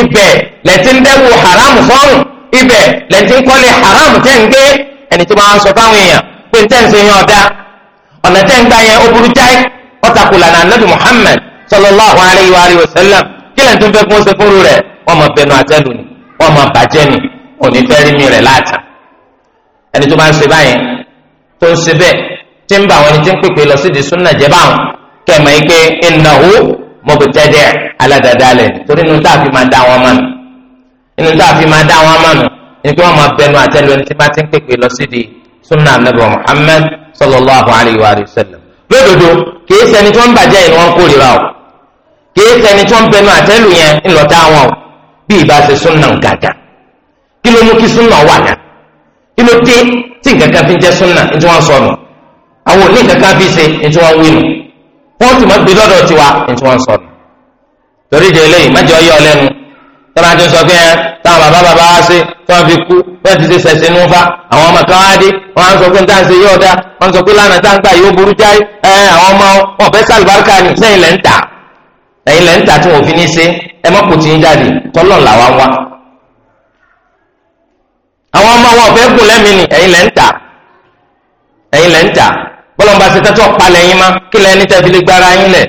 ibẹ̀ lẹ́tí ń dẹ́wù haram fọ́ọ̀rùn ibẹ̀ lẹ́tí ń kọ́lé haram tẹ̀ ń gbé ẹni tí wọ́n sọ fáwọn èèyàn pé ń tẹ̀sí yẹn ọ̀dà ọ̀nà tẹ̀ ń gbà yẹn ó burú Muhammad sallallahu alayhi wa sallam kí lẹ́ntì ń fẹ́ fún ṣe fúru wọ́n máa bàjẹ́ ni òní fẹ́ rí mi rẹ̀ láàtà ẹni tó bá ń ṣe báyìí tó ń ṣe bẹ́ẹ̀ tí ń bá àwọn ẹni tí ń pèpè lọ sídìí súnà jẹ́ báwọn kẹ̀mọ́ yìí pé ìnáwó mọ̀bùtẹ́dẹ́ aládàdálẹ̀ torí inú tá a fi máa dá wọn mọ́nu inú tá a fi máa dá wọn mọ́nu ni pé wọ́n máa bẹnu àtẹ́lu ẹni tí bá ti ń pèpè lọ sídìí súnà nàbẹ̀ Muhammad sallallahu alayhi wa sallam lódodo kìí ṣẹni tí wọ́n ń bàjẹ́ yìí ni wọ́n ń kórìíra o kìí bí ìbá ṣe súnà gàgà kí ló mú kí súnà wà náà kí ló dé tí nǹkan kan fi jẹ́ súnà ní tí wọ́n sọ nù àwọn òní nǹkan kan fi ṣe ní tí wọ́n wí nù wọ́n ti máa gbé lọ́dọ̀ tiwa ní tí wọ́n sọ nù torí ìdè eléyìí má jẹ́ ọyọ́ ọlẹ́nu tọ́lá tó sọ pé ẹ táwọn bàbá bàbá wá sí tí wọ́n fi kú wọ́n ti ṣe ṣẹ̀ṣẹ̀ ní fa àwọn ọmọ kan wá dé wọ́n á sọ pé níta ṣe yóò dá wọ́n sọ pé lánàá tá ń gbà yóò burú jáì ẹ àwọn ọmọ wọn fẹ́ sàlùbáríkà ní sẹ́yìn lẹ́ńtà ẹ̀yìn lẹ́ńtà tí wọ́n fi ní ṣe ẹ má kò tí ń jáde tọ́lọ̀ làwa wá. àwọn ọmọ wọn fẹ́ kú lẹ́mìí ni ẹ̀yin lẹ́ ń tà ẹ̀yin lẹ́ ń tà bọ́lọ̀mbà ṣe tẹ́tọ́ yín má kí ní gbára yín lẹ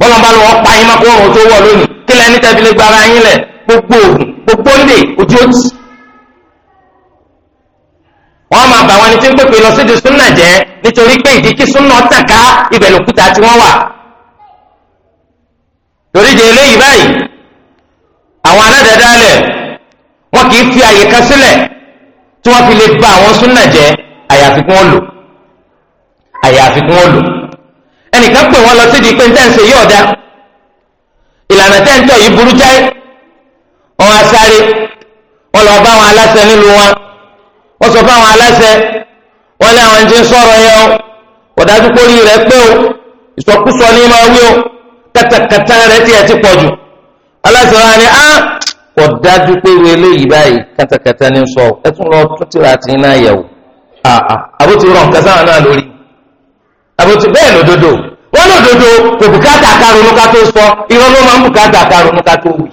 bọ́lọ̀mbà lọ́wọ́ pa yín má kó tó wọ lónìí máa bá wọn ń pèpè lọ súnà nítorí pé ìdí kí torí de eléyìí báyìí àwọn aládàádáalẹ̀ wọn kì í fi àyè kan tí wọ́n fi lè ba àwọn súnà jẹ́ àyàfi kí wọ́n lò àyàfi kí wọ́n lò ẹnìkan pè wọ́n lọ sídìí pé ntẹ́ǹsẹ̀ yóò dá ìlànà tẹ́ǹtọ̀ yìí burú jáì wọn á sáré wọn lọ bá àwọn aláṣẹ nílùú wọn wọ́n sọ fáwọn aláṣẹ wọn lé àwọn ẹni tí ń sọ̀rọ̀ yẹn o kò dájú kórìí rẹ̀ pé o ìsọkúsọ ní máa wí o kàtàkàtà rẹ̀ tiẹ̀ ti pọ̀ jù aláṣẹ wa ni a ah, kò dájú pé wo eléyìí báyìí kàtàkàtà ní sọ ẹ tún lọ tún tìrà àti iná yẹ̀wò ah, ah, àbótí rọ nǹkan sáwọn náà lórí àbótí bẹ́ẹ̀ lódodo wọ́n lódodo kò bùkátà karùnún ká tó sọ irọ́ ló máa ń bùkátà karùnún ká tó wì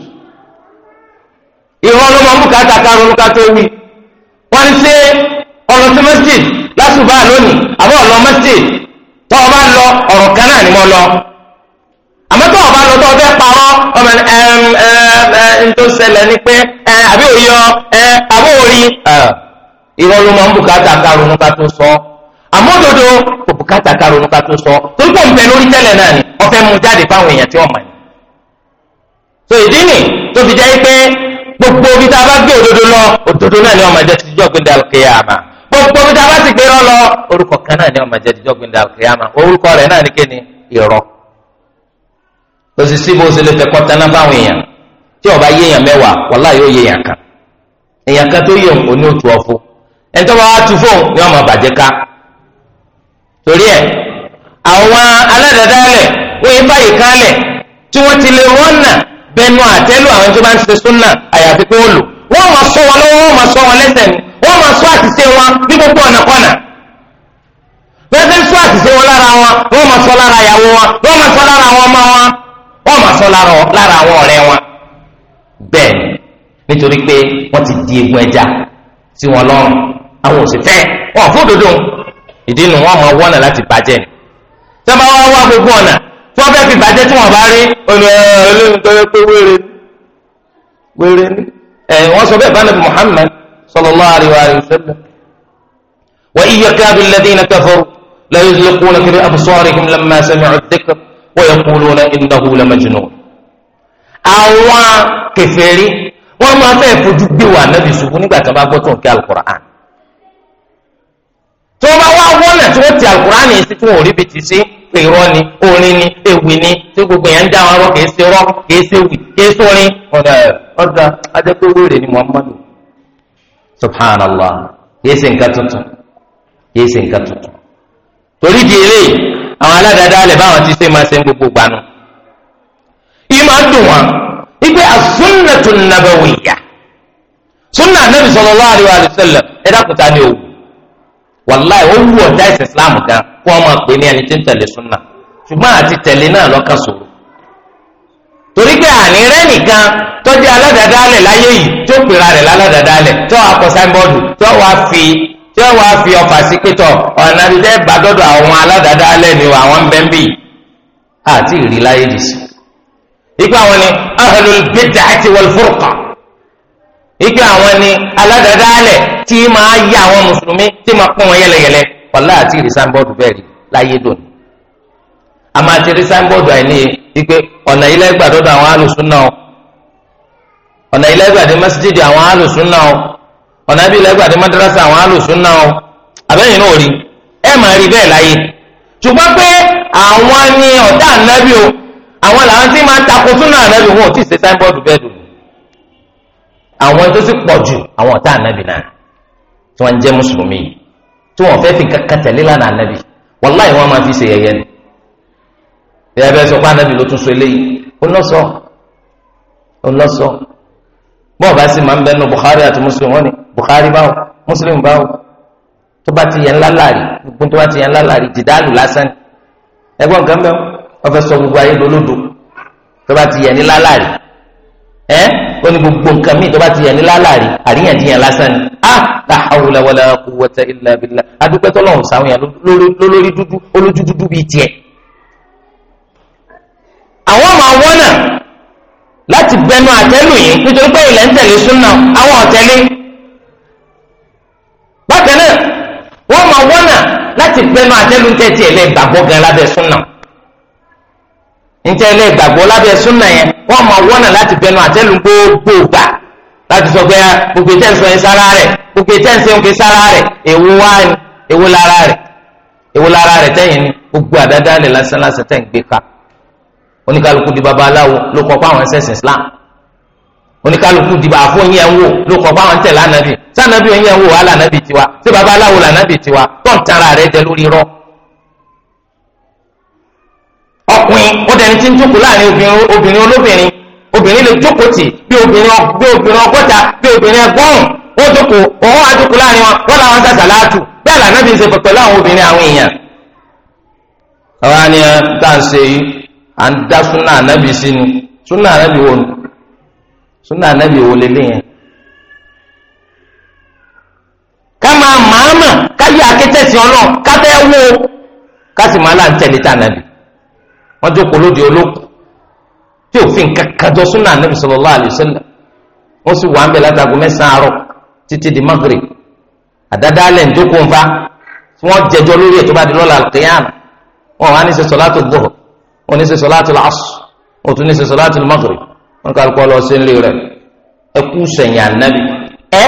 irọ́ ló máa ń bùkátà karùnún ká tó wì wọ́n ń ṣe ọ̀rọ̀ sí mẹ́sítì lásùbà lónìí àbọ̀ ọ̀lọ́ mẹ́sítì tọ́ ọ bá lọ ọ̀rọ̀ kan náà ni mo lọ ọmọ ẹ ẹ ntọ́ ṣẹlẹ̀ ni pé ẹ àbí òye ọ ẹ àbí òri irọ́ ló máa ń bùkátà karùnún ká tó sọ àmọ́dodo kò bùkátà karùnún ká tó sọ torí pọ̀ nbẹ lórí tẹ́lẹ̀ náà ni wọ́n fẹ́ mú jáde fáwọn èèyàn tí wọ́n mọ̀ ní. so ìdí nì tó fi jẹ́ pé gbogbo ibi tá a bá gbé òdodo lọ òdodo náà ni ọmọ ẹ̀jẹ̀ ti jọ́ gbẹdẹ àlùkìyàmà gbogbo ibi tá a bá ti gbé rọ́ lọ orúkọ kan náà ni ọmọ ẹ̀jẹ̀ ti jọ́ gbẹdẹ àlùkìyàmà orúkọ rẹ̀ náà ni kéde ìrọ̀ lọsí síbò sí lè tẹná báwọn èèyàn tí ọba yé èèyàn wàlá yóò yé kan èèyàn kan tó yẹ òun ní òtù ọ̀fọ̀ ẹni tó tu fóun ni ọmọ bàjẹ́ ká torí ẹ̀ àwọn aládàádáálẹ̀ wọ́n yín báyìí tí wọ́n ti lè wọ́n nà bẹnu àtẹ́lù àwọn tó bá ń ṣe súnà àyàfi pé sọ wọn máa sọ wọn ni máa sọ wọn ní gbogbo sọ wọn lára wọn wọ́n máa sọ lára àwọn ọ̀rẹ́ wọn bẹ́ẹ̀ nítorí pé wọ́n ti di egun ẹja sí wọn lọ́rùn àwọn ò sì fẹ́ wọn fún òdodo ìdí nu wọn máa wọ́nà láti bàjẹ́ ni sábà wá wá gbogbo ọ̀nà tí wọ́n fẹ́ fi bàjẹ́ tí wọ́n bá rí olú ẹ olóyún tó yẹ pé wéré wéré ni ẹ wọ́n sọ bẹ́ẹ̀ bá nàbì Muhammad sallallahu alaihi wa sallam wa iyyaka bil ladina kafaru la yuzliquna fi absarihim lamma sami'u adh-dhikr. wa yaquluna innahu àwọn kèfèrí wọ́n máa fẹ́ fojú gbé wa nábì ṣubú nígbà wọ́n bá gbọ́ tó ń kí alukur'an. bá wá wọ́nà tí wọ́n ti alukur'an yìí sí tí wọ́n rí bi ti ni orin ni ewì ni tí gbogbo yẹn ń dá wọn rọ kìí ṣe rọ kìí ṣe wì kìí ọ̀dà ni muhammadu subhanallah ṣe nǹkan di eléyìí. àwọn aládàáda lè báwọn tí ṣe máa ṣe gbogbo gbanu. I dùn wọn ipe asúnnàtù nàbẹ̀wìyà súnnà nàbì sallallahu alaihi wa sallam ẹ dákúta ni òwú wàláì ó wù ọ̀dá ìsìn islam gan kó ní ẹni tí ń àti náà sòrò torí pé àní rẹ nìkan tọ́jú aládàáda tí ó wàá fi ọfà sí pétọ ọ̀nà tí tẹ́ bá dọ́dọ̀ àwọn aládàáda alẹ́ ni àwọn ń bẹ́ ń bì àti ìrì láyé dì sí. ipe àwọn ni ahlul bid'ati wal furqa ipe àwọn ni aládàáda alẹ́ tí máa yá àwọn mùsùlùmí tí máa pọ́n wọn yẹlẹyẹlẹ wàlá àti ìrì sáńbọ́ọ̀dù bẹ́ẹ̀ rí láyé dòní. a máa ti àìní ipe ọ̀nà ilẹ̀ gbàdọ́dọ̀ àwọn alùsùn náà ọ̀nà ilẹ̀ gbàdé ọ̀nà bíi lẹ́gbàá ní madrasa àwọn alùsùn náà o àbẹ́yìn náà rí ẹ máa rí bẹ́ẹ̀ láyé ṣùgbọ́n pé àwọn ni ọ̀tá ànábì o àwọn làwọn tí máa takò súnà ànábì wọn ò tí ì ṣe sáínbọ́ọ̀dù bẹ́ẹ̀ dùn àwọn tó sì pọ̀ jù àwọn ọ̀tá ànábì náà tí wọ́n jẹ́ mùsùlùmí yìí tí wọ́n fẹ́ fi kankan tẹ̀lé lánàá ànábì wàláì wọ́n máa fi ṣe yẹyẹ ni bẹ́ẹ̀ bẹ́ẹ̀ sọ pé ànábì ló tún so eléyìí ó lọ́sọ̀ọ́ ó lọ́sọ̀ọ́ bọ́ọ̀ bá sì máa ń bẹ́ẹ̀ nu Bukhari àti Muslim wọ́n ni Bukhari báwo Muslim báwo tó bá ti yẹn lálàrí gbogbo tó bá ti yẹn lálàrí jìdáàlù lásán ẹgbọ́n nǹkan mẹ́wọ́ wọ́n fẹ́ sọ gbogbo ayé lólódo tó bá ti yẹn ní lálàrí ẹ́ ó ní gbogbo nǹkan míì tó bá ti yẹn lálàrí àríyànjiyàn lásán ni a la hawla wala quwwata illa billah adúpẹ́ tọ́lọ́hùn sáwọn yẹn lórí dúdú olójú dúdú bíi tiẹ̀ àwọn ọmọ àwọn náà láti bẹnu àtẹ́lù yìí nítorí pé ilẹ̀ ń tẹ̀lé súnà àwọn ọ̀tẹ́lé sì gbẹnu àtẹlu ń tẹ́tí ẹ̀ lẹ́ gbàgbọ́ gan lábẹ́ súnà ń tẹ́ lẹ́ gbàgbọ́ lábẹ́ súnà yẹn wọ́n máa wọ́nà láti gbẹnu àtẹlu gbogbo gbà láti sọ pé ah, gbogbo ìtẹ́nsọ yẹn sára rẹ̀ gbogbo ìtẹ́nsọ yẹn sára rẹ̀ èwo wá ni èwo lára rẹ̀ èwo lára rẹ̀ tẹ́yìn ni gbogbo àdáda lẹ̀ lásán lásán tẹ̀ ń gbé ká oníkàlùkù di babaláwo ló kọ́ pé àwọn ẹ̀sẹ̀ Islam oníkálukú dìbò àfọ yẹn wò ló kọ fáwọn tẹ̀lé ànábì sànábì yẹn wò alànábì tiwa ṣé babaláwo lànábì tiwa tọ́n tara rẹ jẹ lórí rọ. ọkùnrin ó dẹni tí ń jókòó láàrin obìnrin olóbìnrin obìnrin lè jókòó tì bí obìnrin bí obìnrin ọgọ́ta bí obìnrin ẹgbọ́n ó jókòó òun àjókòó láàrin wọn wọ́n làwọn sàṣà láàtù bẹ́ẹ̀ lànábì ń ṣe pẹ̀pẹ̀ láwọn obìnrin àwọn èèyàn. àwa ni tá ṣe yìí à ń dá súnà súnà anábì wo lélẹ̀ yẹn. ká máa màámà ká yí akétẹ̀sí ọlọ́run ká fẹ́ wo ká sì máa láǹtẹ̀lé tá anábì wọ́n jókòó lóde olókùn tí òfin kankanjọ súnà anábì sallallahu alaihi wasallam wọ́n sì wà ń bẹ̀ látago mẹ́sàn-án àárọ̀ títí di maghrib àdádálẹ̀ ń jókòó ń fa tí wọ́n jẹjọ lórí ẹ̀ tó bá di lọ́la alqiyama wọn wà ní ṣe sọ̀látù dhuhr wọn ní ṣe sọ̀látù al-asr tún ní ṣe sọ̀látù al wọn kálukú lọ sí ilé rẹ ẹkú sẹyìn anabi ẹ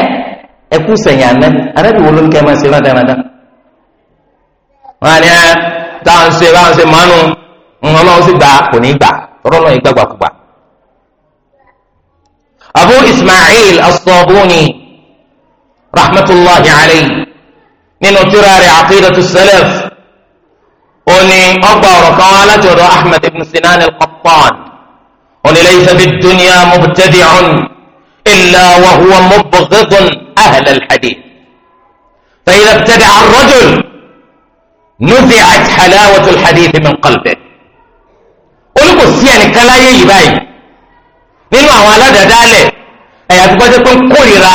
ẹkú sẹyìn anabi anabi wo ló ń kẹ máa ṣe rádaràda wọn àní ẹ ah, táwọn ṣe báwọn ṣe mọnú ńlọ sí gbà kò ní gbà tọrọ náà ìgbàgbà kú gbà. abu ismail as-sabuni rahmatulahi alayhi nínú tírà rẹ̀ aqidatu salaf ó ní ọgbà ọ̀rọ̀ kan wá láti ọ̀dọ̀ ahmed ibn sinan al قل ليس في الدنيا مبتدع إلا وهو مبغض أهل الحديث فإذا ابتدع الرجل نزعت حلاوة الحديث من قلبه قل قسيا كلا يباي nínú àwọn aládàádáálẹ̀ ẹ̀yà tó gbọ́dọ̀ pé ń kórìíra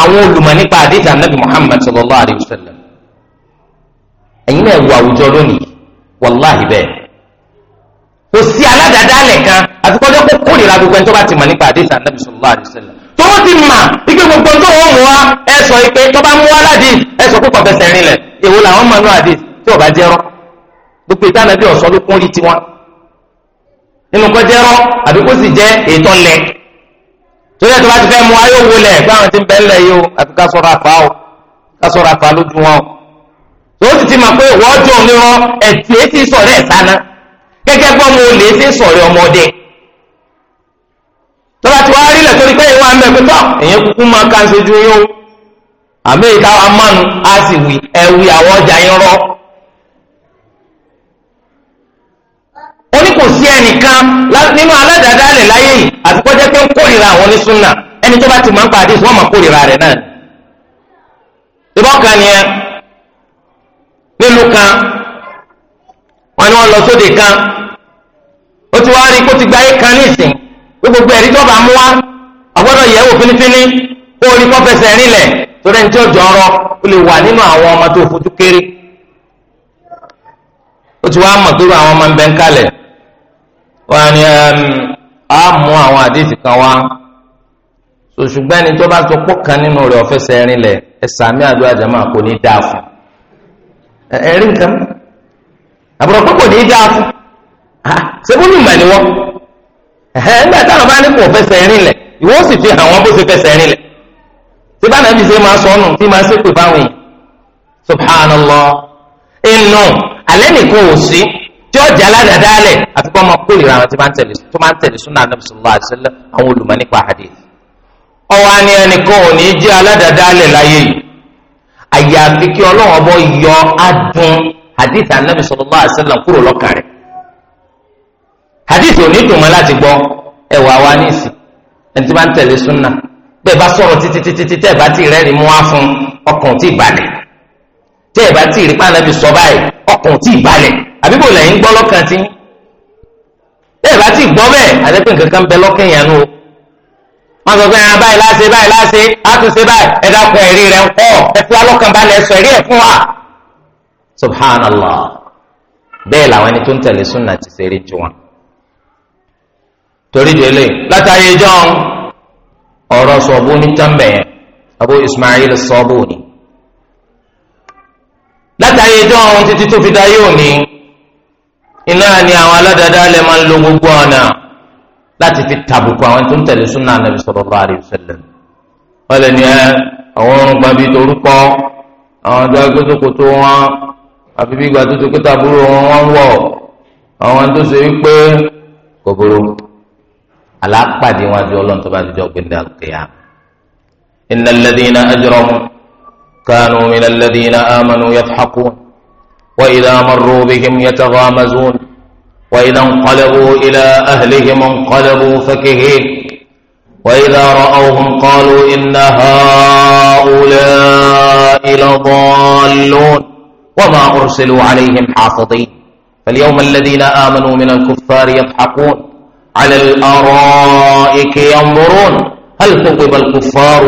àwọn olùmọ̀ nípa àdéhùn anabi muhammad sallallahu alayhi wa sallam ẹ̀yin náà wo àwùjọ lónìí wàláhì bẹ́ẹ̀ kò sí aládàádáálẹ̀ kan àti kọjá kó kórìíra gbogbo ẹni tó bá ti mọ̀ nípa àdéhùn ànábì sallallahu alaihi wasallam tó wọ́n ti mà ike gbogbo tó wọ́n mú wa ẹ sọ ike tó bá mú wa ládìí ẹ sọ púpọ̀ fẹsẹ̀ rin lẹ̀ èwo làwọn mọ̀ nínú àdéhùn tí ọba jẹ́rọ gbogbo ìtànàbí ọ̀sọ́ ló kún rí tiwọn nínú kọ́ jẹ́rọ àbí kó sì jẹ́ ètò lẹ̀ torí ẹ̀ tó bá ti fẹ́ mú wa yóò wọlé ẹ̀ pé àwọn ti ń bẹ́ẹ̀ lẹ̀ yìí o àfi ká àfà o ká sọ̀rọ̀ àfà lójú wọn o tó ti ti mọ̀ pé tọ́ba ti wá rí lẹ́tọ́rí pé ìwà ń bẹ̀ pé tọ́ èyàn kúkú máa ká ń ṣojú yín o àmì ìtawà mánu á sì wí ẹ̀wì àwọn ọjà yín rọ́. oní kò sí ẹnìkan nínú aládàádáálẹ̀ láyé yìí àtikọ́jẹ́ pé ń kórìíra àwọn onísúnà ẹni tó bá ti máa ń pàdé ìsúnmọ́ máa kórìíra rẹ̀ náà. ìbọn kan ni ẹ nílùú kan wọn ni wọn lọ sóde kan ó ti wá rí kó ti gba ayé kan nísìnyí. gbogbo ẹ̀rí tó bá mú wa ọ̀gbọ́dọ̀ yẹ̀ wò fínífíní kó o rí kó fẹsẹ̀ rinlẹ̀ torí ẹni tí ó jọ ọ̀rọ̀ ó lè wà nínú àwọn ọmọ tó fojú kéré ó ti wá mọ̀ pẹ̀lú àwọn ọmọ ń bẹ ń kalẹ̀ wọ́n á ní mú àwọn àdéhìí kan wá ṣùgbọ́n ẹni tó bá tó pọ̀ kan nínú rẹ̀ ọ̀fẹ́sẹ̀ rinlẹ̀ ní nígbà táwọn bá ní kò fẹsẹ̀ rinlẹ̀ ìwọ sì fi hàn wọn bó ṣe fẹsẹ̀ rinlẹ̀ tí bá nàbí ṣe máa sọnù tí máa ṣe pè fáwọn yìí subhanallah inú alẹ́ nìkan ò sí tí ó jẹ́ aládàádáálẹ̀ àti kọ́ ọmọ kórìíra àwọn tí máa ń tẹ̀lé tó máa ń tẹ̀lé súnà nàbí sallallahu alaihi wasallam àwọn olùmọ̀ nípa hadith ọwọ́ ni ẹnìkan ò ní jẹ́ aládàádáálẹ̀ láyé yìí àyàfi kí ọlọ́wọ́n bọ́ yọ adùn hadith ànábì sallallahu alaihi wasallam kúrò lọ́kàn hadith onídùnmọ́ láti gbọ́ ẹwà wa ní ìsìn ẹni tí bá ń tẹ̀lé súnà bẹ́ẹ̀ bá sọ̀rọ̀ títí títí tẹ́ ẹ̀ bá ti rẹ́rìí mú wá fún ọkàn tí ì balẹ̀ tẹ́ ẹ̀ bá ti rí pàǹdàbí sọ báyìí ọkàn tí ì balẹ̀ àbí bò lẹ́yìn gbọ́ lọ́kàn tí tẹ́ ẹ̀ bá ti gbọ́ bẹ́ẹ̀ àdẹ́pẹ́ nǹkan kan bẹ lọ́kàn yẹn nù wọ́n sọ pé ẹran ah, báyìí láṣẹ báyìí láṣẹ látúnṣe báyìí ẹ dákun ẹ̀rí rẹ̀ ń torí délé látàrí ẹjọ́ ọ̀rọ̀ sọ̀bù ní tàǹbẹ̀ yẹn Abu Ismail sọ̀bù ni látàrí ẹjọ́ ọ̀hún títí tó fi dáyé òní iná ni àwọn aládàáda lè máa ń lo gbogbo ọ̀nà láti fi tàbùkù àwọn tó ń tẹ̀lé súnà Ànábì sallallahu alaihi wasallam wọ́n lè ní àwọn ọ̀run gbàbí torúkọ àwọn ọ̀dọ́ agbésókòtò wọn àfi bí ìgbà tó ti kó tàbúrò wọn wọ́n àwọn tó ṣe wípé kòkòrò. alápàdé wọn àjọ ọlọ́run tó bá ti jọ gbẹ̀ndẹ̀ àkèyà. innal ladhina ajramu kanu minal ladhina amanu yadhhakun wa idha marru bihim yataghamazun wa idha inqalabu ila ahlihim inqalabu fakihin wa idha ra'awhum qalu inna ha'ula'i ladallun wa ma ursilu alayhim hafidhin falyawma alladhina amanu minal kuffari yadhhakun. على الأرائك ينظرون هل ثوب الكفار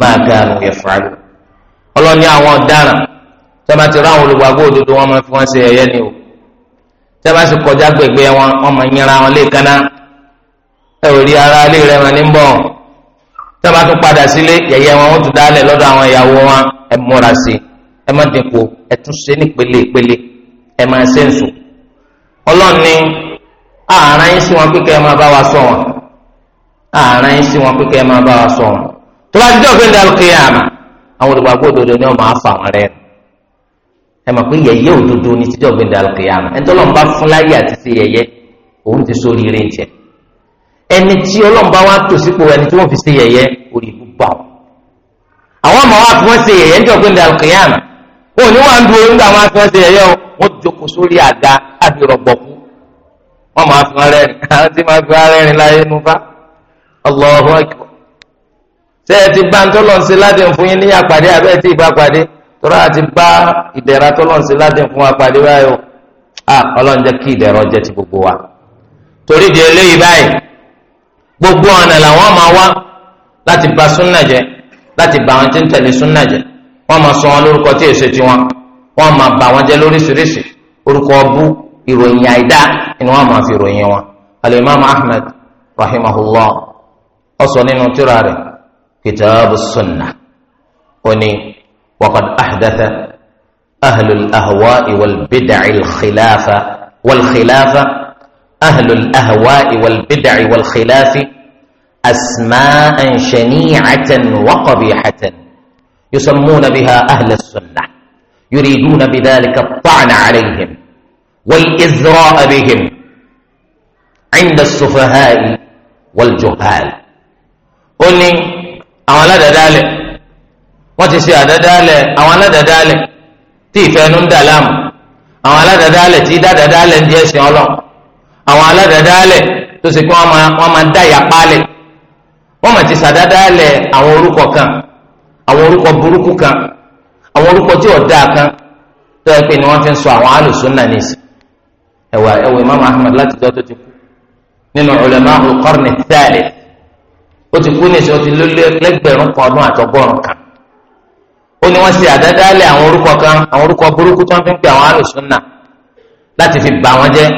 ما كانوا يفعلون Ọlọ́run ní àwọn ọ̀daràn tẹ́ bá ti rá àwọn olùgbàgbọ́ òdodo wọn máa fi wọn ṣe ẹ̀yẹ ni o tẹ́ bá sì kọjá gbègbè wọn wọn máa yẹra wọn léèkánná ẹ ò rí ara ilé rẹ wọn ní bọ̀ tẹ́ bá padà sílé yẹ̀yẹ́ wọn ó tún dálẹ̀ lọ́dọ̀ àwọn ìyàwó wọn ẹ múra sí ẹ má dínkù ẹ tún ṣe nípele ìpele ẹ máa ṣe ń sùn Ọlọ́run ní ààrẹ yín sí wọn pé kẹ́ ẹ máa bá wa sọ wọn ààrẹ yín sí wọn pé kẹ́ ẹ máa bá wa sọ wọn tó bá dídọ̀ fún ìdàlù kí àmà àwọn olùgbàgbọ́ òdodo ni wọ́n máa fà wọn rẹ́ ẹ mọ̀ pé yẹ̀yẹ́ òdodo ni dídọ̀ fún ìdàlù kí àmà ẹni tó lọ́n bá fún láyé àti sí yẹ̀yẹ́ òun ti sórí ire jẹ ẹni tí ọlọ́nba wa tò sípò ẹni tí wọ́n fi sí yẹ̀yẹ́ orí ibú àwọn ọmọ wa fi wọ́n sí yẹ̀yẹ́ ń dọ̀gbìn ìdàlù kí àmà òun ni wọ́n á ń dúró wọ́n máa fi wọn rẹ́rìn àwọn tí máa fi wọn rẹ́rìn láyé nu bá Allahu akbar. ṣé ẹ ti bá ń tọ́lọ̀ ń ṣe ládìí fún yín níyà pàdé abẹ́ tí ì bá pàdé tọ́lá àti bá ìdẹ̀ra tọ́lọ̀ ń ṣe ládìí fún wa pàdé báyọ̀ à ọlọ́run jẹ́ kí ìdẹ̀ra jẹ́ ti gbogbo wa. torí di eléyìí báyìí gbogbo ọ̀nà làwọn máa wá láti bà súnà jẹ́ láti bà wọn tí ń tẹ̀lé súnà jẹ́ wọ́n máa sọ wọn lórúkọ tí èso tiwọn wọ́n máa bà wọn jẹ́ lóríṣiríṣi orúkọ ọbú ìròyìn àìdá inú wọ́n àti ìròyìn ròyìn wọn. alimami ahmed rahimahullah ọsọ nínú tírà rẹ̀ kìtàbù sunna oní wàkàd àhdáta ahlul ahwa iwal bidàcil khilafa wal khilafa ahlul ahwa iwal bidàcil wal khilafi asmaa an shaniicatan wa qabiixatan yusammuuna biha ahla sunna yuriiduuna bidalika الطعن عليهم والإذراء بهم عند السفهاء والجهال أني أولا دالك wọ́n ti ṣe àdádálẹ̀ àwọn aládàádálẹ̀ tí ìfẹ́nu ń dà láàmú àwọn aládàádálẹ̀ tí dádàádálẹ̀ ń di ẹ̀sìn ọlọ́ àwọn aládàádálẹ̀ tó ṣe pé wọ́n máa ń dá ìyapa lẹ̀ wọ́n máa ti ṣàdádálẹ̀ àwọn orúkọ kan àwọn orúkọ burúkú kan àwọn orúkọ tí ò dáa kan tó yẹ pé ni wọ́n fi ń sọ àwọn alùsùn náà nìsí ẹwà ẹwà imam ahmed láti dọ́ tó ti kú nínú ulama al-qarni al ó ti kú níṣẹ́ ó ti lólé lẹ́gbẹ̀rún kan ọdún àtọ́gbọ̀rún kan ó ní wọ́n ṣe àdádálẹ̀ àwọn orúkọ kan àwọn orúkọ burúkú tó ń fi ń pè àwọn alùsùnà fi bà wọ́n jẹ́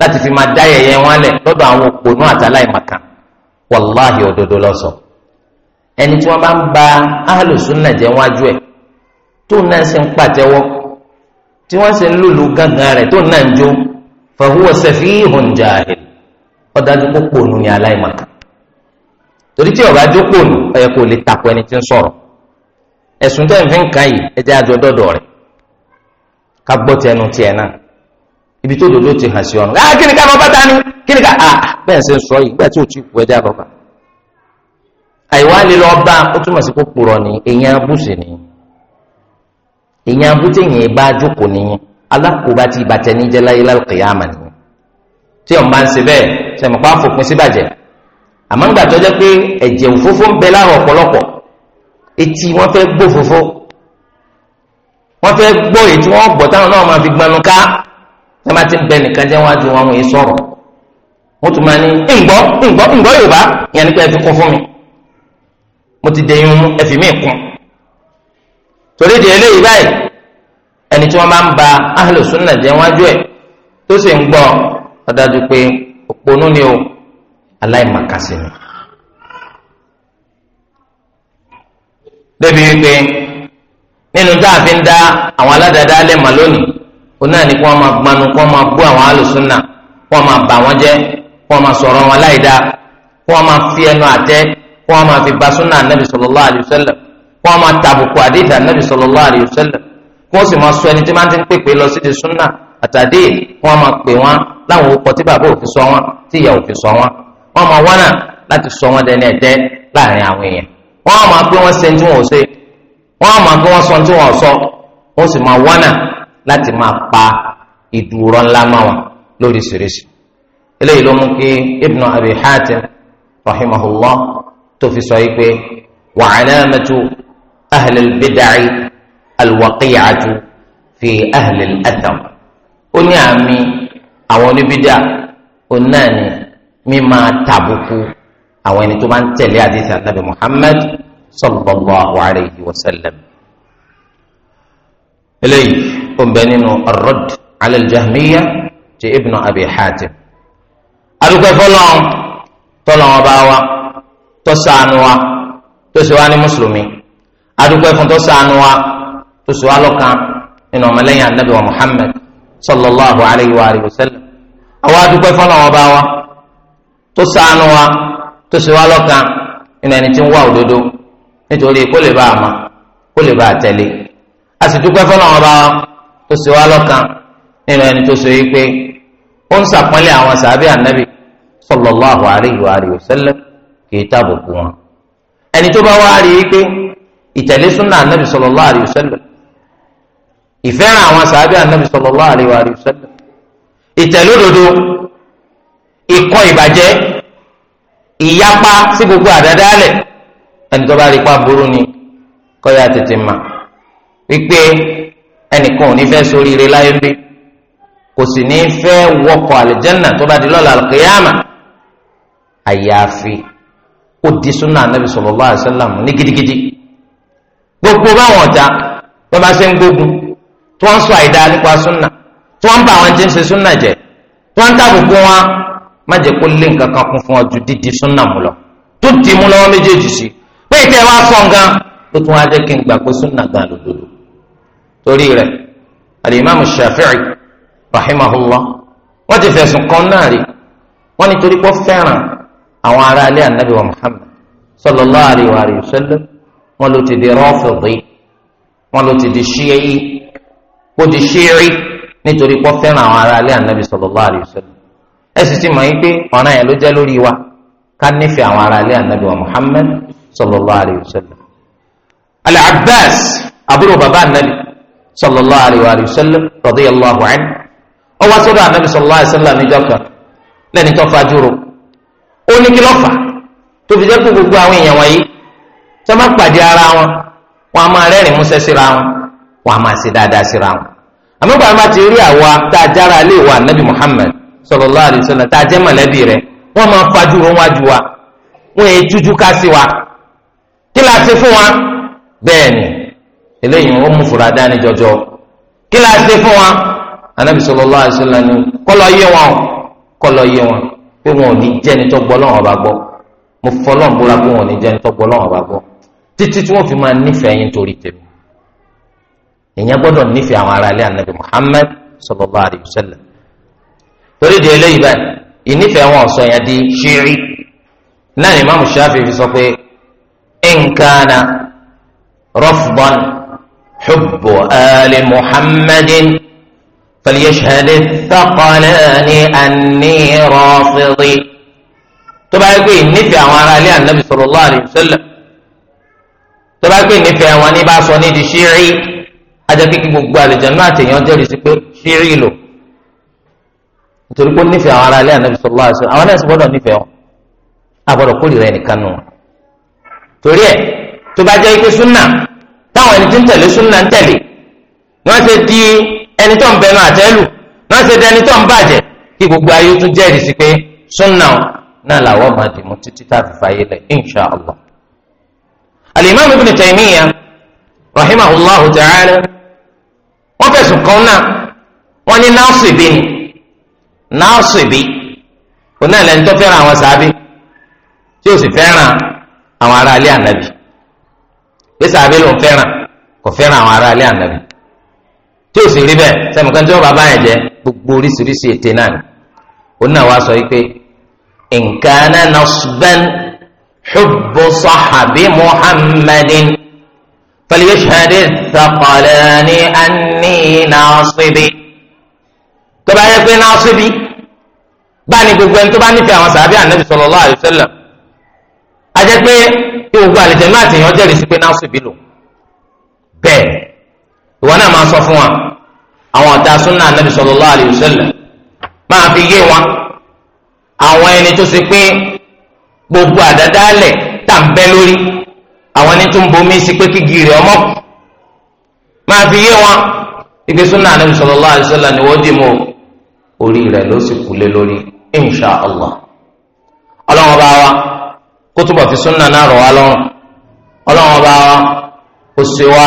láti fi máa dá yẹ̀yẹ́ wọn lẹ̀ lọ́dọ̀ àwọn òpònú àtàláìmọ̀kan wàláhì òdodo lọ́sọ̀ ẹni tí wọ́n bá ń ba alùsùnà jẹ́ wájú ẹ̀ tó náà ṣe ń pàtẹ́wọ́ tí fahuwa safihun jahil ọdájú kó kóònù ní aláìmọ̀ká torí tí ọba jó kóònù lè ẹni tí ń sọ̀rọ̀ ẹ̀sùn tẹ́ ń fi ń kàn yìí ẹ jẹ́ àjọ rẹ̀ ká gbọ́ tiẹ̀ náà ibi tó ti hàn sí ọ̀nà ah, kí ni ká kí ni ká ah, bẹ́ẹ̀ ṣe ń sọ yìí gbẹ́ tí ò tí àìwá lè lọ bá ó túmọ̀ sí kó alákòóbá ti ìbàtẹ níjẹ láyé lálùkìyàmà ni tí ọ̀n bá ń ṣe bẹ́ẹ̀ sẹ̀mọ̀ pa fòpin síbàjẹ́ àmọ́ ńgbà tó jẹ́ pé ẹ̀jẹ̀ òfófó ń bẹ láàrọ̀ ọ̀pọ̀lọpọ̀ etí wọ́n fẹ́ gbó fòfó wọ́n fẹ́ gbọ́ èyí tí wọ́n gbọ́ táwọn náà máa fi gbanu ká tí wọ́n bá ti ń bẹ nìkan jẹ́ wájú wọn wọ́n yìí sọ̀rọ̀ wọ́n tún máa ní ǹgbọ́ ǹgbọ́ ǹgbọ́ yorùbá ìyẹn ni pé ẹ fi kún fún mi mo ti dẹ̀yìn ẹ fi mí kún torí di eléyìí báyìí ẹni tí wọ́n bá ń ba ahlu sunna jẹ́ wájú ẹ̀ tó sì ń gbọ́ ọ̀dájú pé òpònú ni o aláìmọ̀kàsí ni. débi wípé nínú tá a fi ń dá àwọn aládàáda lẹ́mọ̀ lónìí o náà ni kí wọ́n máa gbanu kí wọ́n máa bú àwọn ahlu sunna kí wọ́n máa bà wọ́n jẹ́ kí wọ́n máa sọ̀rọ̀ wọn láì kí wọ́n máa fi ẹnu àtẹ́ kí wọ́n máa wọ́n sì máa sọ ẹni tí máa ń ti pèpè lọ sí ti súnà àtàdé wọ́n máa pè wọ́n láwọn orúkọ tí bàbá òfin sọ wọ́n tí ìyá òfin sọ wọ́n wọ́n máa wọ́nà láti sọ wọ́n dẹni ẹ̀dẹ́ láàrin àwọn èèyàn wọ́n máa pé wọ́n ṣe tí wọ́n ṣe wọ́n máa pé wọ́n sọ tí wọ́n sọ wọ́n sì máa wọ́nà láti máa pa ìdúró ńlá máa wà lóríṣiríṣi eléyìí ló mú kí ibn abi hatim rahimahullah tó fi sọ yìí pé wàhálà mẹtu ahlil bid'ah alwaqiyatu fi ahli al-athar ó ní àmì àwọn oníbídà ó náà ní mímá tàbùkù àwọn ẹni tó bá ń tẹ̀lé àdìsí àtàbí Muhammad sallallahu alayhi wa sallam. eléyìí ó ń bẹ nínú ar-radd ti ibn abi hatim. alùpùpù fọlọ́n tọ́lọ́ wọn wa tó wa tó ṣe wá ní mùsùlùmí adùpùpù fún tó wa tó sọ alọ́kan nínú ọmọlẹ́yìn anabi wa muhammed sallallahu alayhi wa alayhi wa sallam àwa adúpẹ́ fọ́nà ọba wa tó ṣàánú wa tó sọ alọ́kan nínú ẹni tí ń wá òdodo nítorí kó lè bá a ma kó lè bá a tẹ̀lé a sì dúpẹ́ fọ́nà ọba wa tó sọ alọ́kan nínú ẹni tó sọ yìí pé ó ń sàpọ́nlé àwọn sàbí anabi sallallahu alayhi wa alayhi wa sallam kì í tàbùkù wọn ẹni tó bá wá rí i pé ìtẹ̀lé súnà anabi sallallahu alayhi wa sallam ìfẹ́ràn àwọn sàábẹ́ ànábì sallallahu alaihi wa sallam ìtẹ̀lódodo ìkọ̀ ìbàjẹ́ ìyapa sí gbogbo àdádálẹ̀ ẹni tó bá rí pa burú ni kọ́yà tètè mà wípé ẹnìkan ò ní fẹ́ ṣoríire láyé bí kò sì ní fẹ́ wọkọ̀ àlìjẹ́nà tó bá di lọ́la àlùkìyàmà àyàfi ó di súnà ànábì sallallahu alaihi wa sallam ní gidigidi gbogbo báwọn ọ̀tá wọn bá ṣe ń gbógun tí wọ́n ń sọ àìdá nípa súnà tí wọ́n ń bá àwọn tí ń ṣe súnà jẹ tí wọ́n ń tàbùkù wọn má jẹ́ kó lé nǹkan kan kún fún ọ ju dídi súnà mu lọ tó dì í mú lọ́wọ́ méjèèjì sí pé ìtẹ́ wa sọ nǹkan ó tún wá jẹ́ kí n gbà pé súnà gan lòdòdò torí rẹ̀ alimami shafi'i rahimahullah wọ́n ti fẹ̀sùn kan náà rí wọ́n nítorí pé ó fẹ́ràn àwọn ará ilé ànábì wa muhammad sallallahu alayhi wa sallam wọ́n ló ti di rọ́ọ̀fù dì ló ti di ṣíyẹ́yì kó di ṣíírí nítorí pọ́ fẹ́ràn àwọn ará ilé ànábì sallallahu alaihi wasallam ẹ sì ti mọ̀ yín pé ọ̀ràn yẹn ló jẹ́ lórí wa ká nífẹ̀ẹ́ àwọn ará ilé ànábì wa Muhammad sallallahu alaihi wasallam. Al-Abbas àbúrò bàbá ànábì sallallahu alaihi wasallam radiyallahu anhu ó wá sọ́dọ̀ ànábì sallallahu alaihi wasallam níjọ́ kan lẹ́ni tó fajúro wọn a máa ṣe dáadáa síra wọn àmọ́ bàbá máa ti rí àwa tá a jára lé wa nabi Muhammad sallallahu alaihi wasallam tá a jẹ́ mọ̀lẹ́bí rẹ̀ wọ́n máa fajú wọn wájú wa wọ́n yẹ jújú ká sí wa kí la ṣe fún wa bẹ́ẹ̀ eléyìí wọ́n mú fura dání jọjọ kí la ṣe fún wa anabi sallallahu alaihi ni kọ́lọ́ yé wọn kọ́lọ́ yé wọn pé wọn ò ní jẹ́ni tó gbọ́ lọ́wọ́ bá gbọ́ mo fọlọ́n búra pé wọn ò ní jẹ́ni tó gbọ́ lọ́wọ́ bá gbọ́ títí tí wọ́n fi máa nífẹ̀ẹ́ yín torí tèmi èèyàn gbọ́dọ̀ nífẹ̀ẹ́ àwọn ará ilé ànábì Muhammad sallallahu alayhi wa sallam torí di eléyìí báyìí ìnífẹ̀ẹ́ wọn sọ yẹn di ṣírí náà ni Imam Shafi'i fi sọ pé nkaana rafdan hubbu ali Muhammadin falyashhad ath-thaqalani anni rafidi tó bá yẹ pé ìnífẹ̀ẹ́ àwọn ará ilé ànábì sallallahu alayhi wa yẹ pé ìnífẹ̀ẹ́ wọn ní bá sọ ní di ṣírí. ajakeke gbogbo àlùjànnú àtẹ̀yàn jẹ́rìí sí pé ṣírí lò nítorí pé ó nífẹ̀ẹ́ àwọn ará ilé ànábi sọ̀rọ̀ láàṣọ àwọn náà sì gbọ́dọ̀ nífẹ̀ẹ́ wọn àgbọ̀dọ̀ kórìíra ẹnìkan nù torí ẹ tó bá jẹ́ súnà táwọn ẹni ń tẹ̀lé súnà ń tẹ̀lé wọ́n ṣe di ẹni tó ń bẹnu àtẹ́lù wọ́n ṣe di ẹni tó ń bàjẹ́ kí gbogbo ayé sí pé súnà náà làwọn máa dì mú títí a rahimahullahu ta'ala nǹkan náà wọ́n ní náàsìbí ni náàsìbí kò náà lẹ́ni tó fẹ́ràn àwọn sàábí tí ó sì fẹ́ràn àwọn ará ilé ànábì bí sàábí ló ń fẹ́ràn kò fẹ́ràn àwọn ará ilé ànábì tí ó sì rí bẹ́ẹ̀ tí wọ́n bá jẹ gbogbo oríṣiríṣi ète náà ni فليشهد الثقلان أني ناصبي tó bá yẹ pé ناصبي bá ní gbogbo ẹni tó bá nífẹ̀ẹ́ àwọn sàbí ànábì sallallahu alaihi wasallam a jẹ́ pé gbogbo àlejò máa ti yàn jẹ́rìí sí pé ناصبي lò bẹ́ẹ̀ ìwọ náà máa sọ fún wa àwọn ọ̀tá súnà ànábì sallallahu alaihi wasallam máa fi yé wọn àwọn ẹni tó ṣe pé gbogbo àdádálẹ̀ tà ń bẹ́ lórí àwọn ní tó ń bomi sí pé kígi rẹ̀ ọmọ máa fi yé wọn ibi súnà ànábì sallallahu alaihi wasallam ni wọ́n dì mọ́ orí rẹ̀ ló sì kú lé lórí insha allah ọlọ́run bá wa kó túbọ̀ fi súnà náà rọ̀ wá lọ́rùn ọlọ́run bá wa kó ṣe wá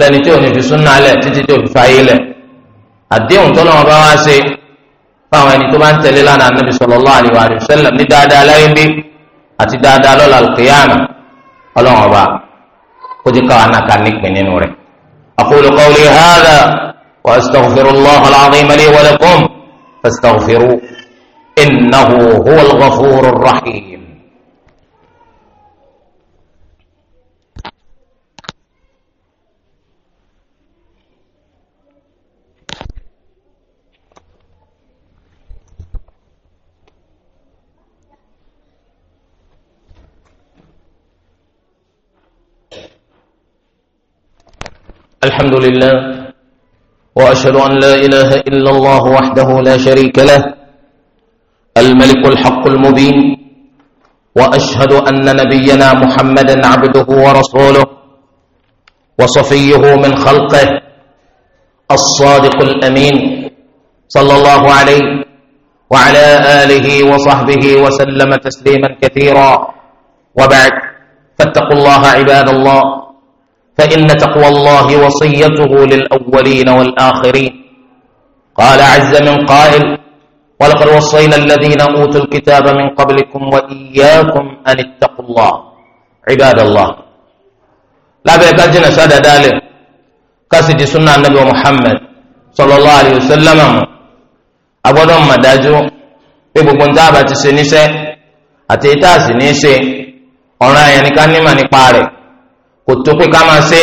lẹ́ni tí ò ní fi súnà lẹ̀ títí tí ò fi fàyè lẹ̀ àdéhùn tọ́lọ́run bá wa ṣe fáwọn ẹni tó bá ń tẹ̀lé lánàá ànábì sallallahu alaihi wasallam ní dáadáa láyé bí àti dáadáa lọ́la al-qiyamah ọlọ́run ọba kó ti káwa náà ká nípìn nínú rẹ̀. aqulu qawli hadha wa astaghfirullaha al-azima li wa lakum fastaghfiru innahu huwal ghafurur rahim. الحمد لله وأشهد أن لا إله إلا الله وحده لا شريك له الملك الحق المبين وأشهد أن نبينا محمدا عبده ورسوله وصفيه من خلقه الصادق الأمين صلى الله عليه وعلى آله وصحبه وسلم تسليما كثيرا وبعد فاتقوا الله عباد الله فإن تقوى الله وصيته للأولين والآخرين قال عز من قائل ولقد وصينا الذين أوتوا الكتاب من قبلكم وإياكم أن اتقوا الله عباد الله لا بيكاجنا سادة ذلك كاسد سنة النبي محمد صلى الله عليه وسلم أبو ما داجو إبو كنتابة سنسة أتيتا سنسة أنا يعني ìta sì ní kò tó pé ká máa ṣe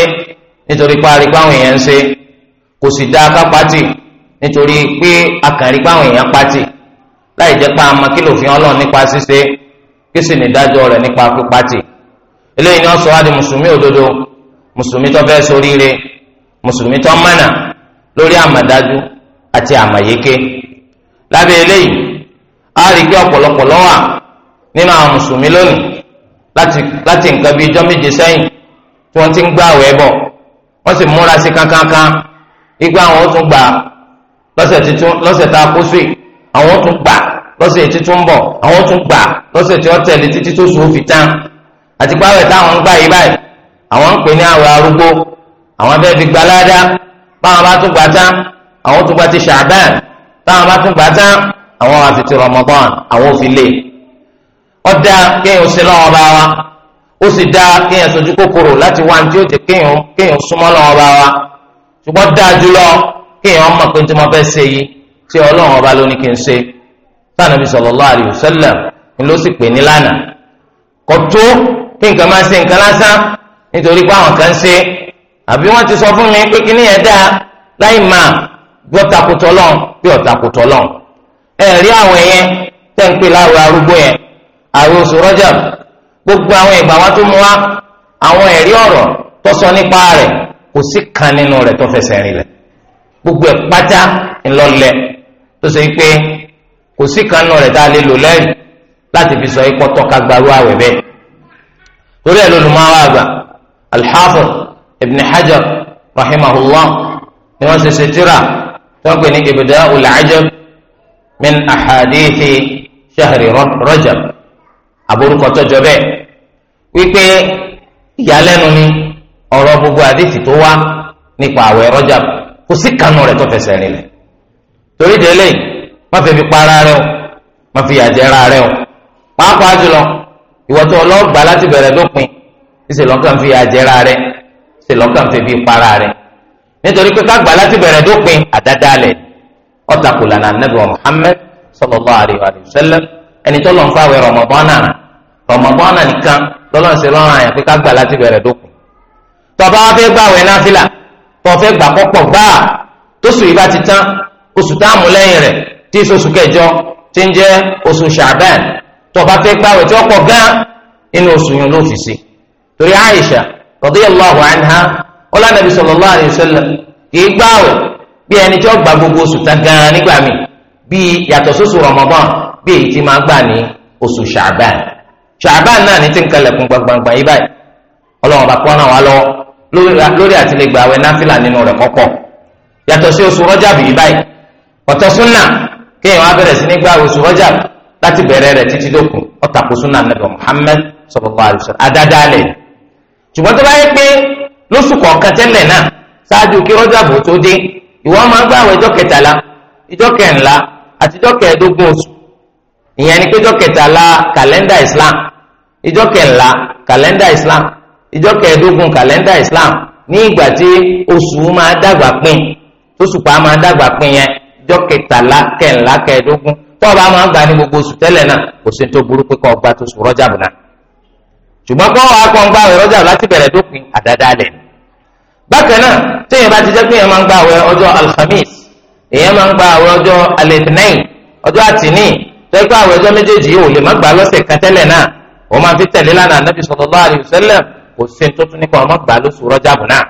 nítorí pé arí páwọn èèyàn ń ṣe kò sì dá aká pátì nítorí pé akànrí páwọn èèyàn pátì láì jẹ́ pé a máa kílò fi ọlọ́run nípa ṣíṣe kí sì ní ìdájọ́ rẹ̀ nípa pípátì eléyìí ni wọ́n sọ wá di mùsùlùmí òdodo mùsùlùmí tó fẹ́ ṣoríire mùsùlùmí tó mọ̀nà lórí àmàdájú àti àmàyéké lábẹ́ eléyìí a rí i pé ọ̀pọ̀lọpọ̀ ló wà nínú àwọn mùsùlùmí lónìí láti nǹkan bíi ijọ́ méje sẹ́yìn tí wọ́n ti ń gbà wẹ́ bọ̀ wọ́n sì múra sí kankankan igbá àwọn ó tún gbà lọ́sẹ̀ tuntun lọ́sẹ̀ tá a kó sí àwọn ó tún gbà lọ́sẹ̀ tí tún bọ̀ àwọn ó tún gbà lọ́sẹ̀ tí ó tẹ̀lé títí tó sùn ó fi tán àti pé àwẹ̀ táwọn ń gbà yí báyìí àwọn ń pè ní àwẹ̀ arúgbó àwọn fẹ́ẹ́ fi gbalada báwọn bá tún gbà tán àwọn tún gbà ti ṣàbẹ́ẹ̀ táwọn bá tún gbà tán àwọn àfi ti àwọn ò lè ọ̀dà kéèyàn ṣe lọ́wọ́ bá ó sì dáa kéèyàn sojú kòkòrò láti wá ní tí ó jẹ kéèyàn kéèyàn súnmọ́ lọ́wọ́ bá wa ṣùgbọ́n dáa jùlọ kéèyàn mọ̀ pé tí mo fẹ́ ṣe yìí tí ọlọ́run ọba ló ní kí n ṣe sànàbí sallallahu alaihi wasallam ni ló sì pè ní lánàá kò tó kí nǹkan máa ṣe nǹkan lásán nítorí pé àwọn kan ṣe àbí wọ́n ti sọ fún mi pé kíní yẹn dáa láì máa gbọ́ takùtọ̀ lọ́n bí ọ̀takùtọ̀ lọ́n ẹ̀rí àwọn yẹn tẹ́ ń pè láwùrọ̀ arúgbó yẹn àwọn oṣù Rajab gbogbo àwọn ìgbà wa tó mú wa àwọn ẹ̀rí ọ̀rọ̀ tó sọ nípa rẹ̀ kò sí kan nínú rẹ̀ tó fẹsẹ̀ rinlẹ̀ gbogbo ẹ̀ pátá ńlọlẹ̀ tó ṣe pé kò sí kan nínú rẹ̀ tá a lè lò lẹ́yìn láti fi sọ ikọ́ tọ́ka gbarú àwẹ̀ bẹ́ẹ̀ torí ẹ̀ lónìí máa wá àgbà al Ibn Hajar rahimahullah ni wọ́n ṣe ṣe tíra tó pè ní Ibda'ul Ajab min ahadithi shahri Rajab àbórúkọ tọjọ bẹ́ẹ̀ wípé ìyàlẹ́nu ni ọ̀rọ̀ gbogbo àdìsí tó wá nípa àwẹ̀ Rajab kò sí kanu rẹ̀ tó fẹsẹ̀ rinlẹ̀ torí délé má fẹ́ fi para rẹ o má fi yàjẹ́ ra rẹ o pàápàá jùlọ ìwọ́tọ̀ ọlọ́gbà láti bẹ̀rẹ̀ lópin ìṣèlọ́kàn fi yàjẹ́ ra rẹ ìṣèlọ́kàn fi fi para rẹ nítorí pé ká gbà láti bẹ̀rẹ̀ dópin àdádálẹ̀ ọ̀tàkùlànà Ànábì Muhammad sallallahu alaihi wa sallam ẹni tó lọ ń fáwẹ̀ rọmọbọnà rọmọbọnà nìkan tó lọ ń ṣe lọ́rùn àyàn pé ká gbà láti bẹ̀rẹ̀ dókun tọba wa fẹ́ gbàwẹ̀ náfìlà kọ fẹ́ gbà pọpọ gbáà tó sùn yìí bá ti tán oṣù táàmù lẹ́yìn rẹ̀ tí í sọṣù kẹjọ tí ń jẹ́ oṣù ṣàbẹn tọba fẹ́ gbàwẹ̀ tí ó pọ̀ gán inú oṣù yẹn ló fi sí torí Aisha radiyallahu anha ọlá nàbí sallallahu sallam kì í gbàwẹ̀ bí ẹni tí ó gbà gbogbo oṣù tán gan bí èyí ti máa gbà ní oṣù ṣàbàn ṣàbàn náà ní ti ń kalẹ̀kùn gbangbangba yìí báyìí ọlọ́run bá pọ́nrán wa lọ lórí àtìlẹ́gbà àwẹ̀ náfìlà nínú rẹ̀ kọ́kọ́ yàtọ̀ sí oṣù rọ́jàbù yìí báyìí ọ̀tọ̀ súnà kéèyàn wá bẹ̀rẹ̀ sí ní gbà oṣù rọ́jàbù láti bẹ̀rẹ̀ rẹ̀ títí dókun ọ̀tàkù súnà nàbẹ̀ Muhammad sallallahu alaihi wasallam adádálẹ̀ ṣùgbọ́n tó bá yẹ pé lóṣù kọ̀ọ̀kan tẹ́lẹ̀ náà ṣáájú kí rọ́jàbù tó dé ìwọ́n máa gbà àti ìjọ kẹẹ̀ẹ́dógún oṣù ìyẹn ni péjọ kẹtàlá kàlẹ́ndà islam ìjọ kẹńlá kàlẹ́ndà islam ìjọ kẹẹ̀ẹ́dógún kàlẹ́ndà islam ní ìgbà tí oṣù máa dàgbà pín oṣùpá máa dàgbà pín yẹn ìjọ kẹtàlá kẹńlá kẹẹ̀ẹ́dógún tọ́ọ̀bù á máa gbà ní gbogbo oṣù tẹ́lẹ̀ náà kò sí tó burú pé kọ́ ọgbà tó sùn rọ́jà bùnà ṣùgbọ́n kọ́ wa kọ́ ń gbà wẹ̀ rọ́jà láti bẹ̀rẹ̀ dópin àdáadáa lẹ̀ bákan náà téèyàn bá ti jẹ́ pé èèyàn máa ń gbà wẹ̀ ọjọ́ alhamis èèyàn máa ń gbà wẹ̀ ọjọ́ alẹ́tìnẹ́yìn ọjọ́ àtìní tẹ́gbà àwọn ẹjọ́ méjèèjì yìí ò lè má gbà lọ́sẹ̀ kan tẹ́lẹ̀ náà wọ́n máa fi tẹ̀lé lánàá nàbì sallallahu alaihi wasallam kò sí tuntun nípa ọmọ gbà lóṣù Rọ́jàbù náà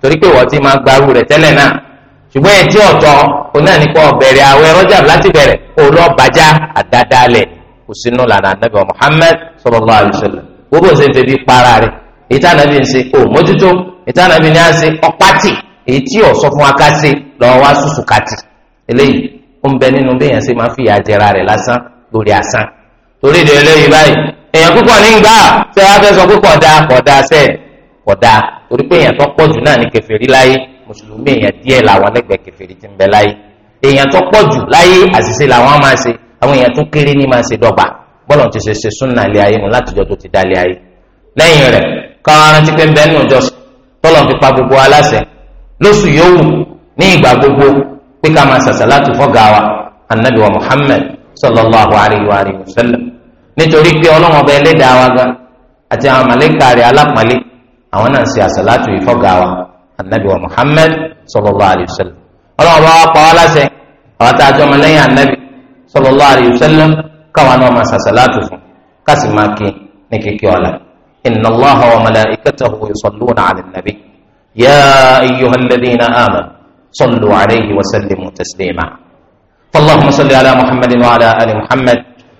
torí pé wọ́n ti máa gbarú rẹ̀ tẹ́lẹ̀ náà ṣùgbọ́n ẹtí ọ̀tọ̀ kò náà nípa ọ̀bẹ̀rẹ̀ àwẹ̀ Rọ́jàbù láti bẹ̀rẹ̀ kò lọ bàjá àdáadáalẹ̀ kò sínú lánàá nàbì Muhammad sallallahu alaihi wasallam gbogbo ṣe ń fi bí para rẹ̀ ìtànàbí ń ṣe kò mójútó ìtànàbí ni à ń ṣe ọpátì èyí tí ò sọ fún akásí lọ́wọ́ wá sùsùkàtì eléyìí ó ń bẹ nínú béèyàn ṣe máa ń fìyà jẹra rẹ̀ lásán lórí asán torí ìdè eléyìí báyìí èèyàn púpọ̀ ní gbà ṣé wàá fẹ́ sọ pé kọ̀dá kọ̀dá sẹ́ kọ̀dá torí pé èèyàn tó pọ̀ jù náà ní kèfèrí láyé mùsùlùmí èèyàn díẹ̀ làwọn lẹ́gbẹ̀ẹ́ kèfèrí ti ń bẹ láyé èèyàn tó pọ̀ jù láyé àṣìṣe làwọn máa ṣe àwọn èèyàn tó kéré ní máa ṣe dọ́gba bọ́lọ̀ ti ṣe ṣe súnà lé ayé nu látijọ́ tó ti dá ayé lẹ́yìn rẹ̀ káwọn arántí pé ń bẹ nínú ìjọsìn fi pa gbogbo aláṣẹ lóṣù yòówù ní ìgbà gbogbo pé ká máa sàṣàlátù fọ́gà wa anabi wa muhammed sallallahu alayhi wa alihi wa sallam nítorí pé ọlọ́run ọba ẹlẹ́dàá wa gan àti àwọn màlẹ́kà rẹ̀ alápọ̀nlé àwọn náà ń ṣe àṣàlátù ìfọ́gà wa anabi wa muhammed sallallahu alayhi wa sallam ọlọ́run ọba wa pa wá láṣẹ àwọn tá a jọ mọlẹ́yìn anabi sallallahu alayhi wa sallam káwọn náà máa sàṣàlátù fún kásì máa kí ní kíkí ọ̀la inna allaha wa malaikatahu yusalluna ala nabi ya ayyuhalladhina amanu. صلوا عليه وسلموا تسليما فاللهم صل على محمد وعلى ال محمد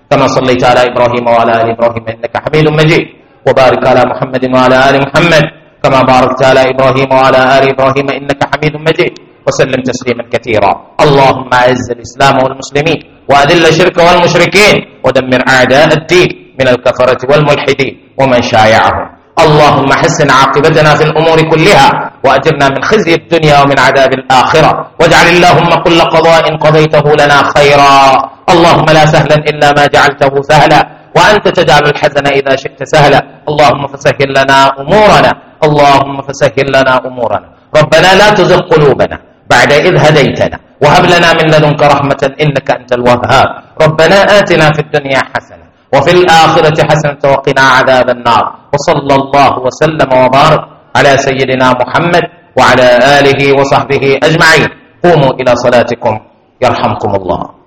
كما صليت على ابراهيم وعلى ال ابراهيم انك حميد مجيد وبارك على محمد وعلى ال محمد كما باركت على ابراهيم وعلى ال ابراهيم انك حميد مجيد وسلم تسليما كثيرا اللهم اعز الاسلام والمسلمين واذل الشرك والمشركين ودمر اعداء الدين من الكفره والملحدين ومن شايعهم اللهم حسن عاقبتنا في الأمور كلها وأجرنا من خزي الدنيا ومن عذاب الآخرة واجعل اللهم كل قضاء قضيته لنا خيرا اللهم لا سهلا إلا ما جعلته سهلا وأنت تجعل الحزن إذا شئت سهلا اللهم فسهل لنا أمورنا اللهم فسهل لنا أمورنا ربنا لا تزغ قلوبنا بعد إذ هديتنا وهب لنا من لدنك رحمة إنك أنت الوهاب ربنا آتنا في الدنيا حسنة وفي الآخرة حسنة وقنا عذاب النار وصلى الله وسلم وبارك على سيدنا محمد وعلى آله وصحبه أجمعين قوموا إلى صلاتكم يرحمكم الله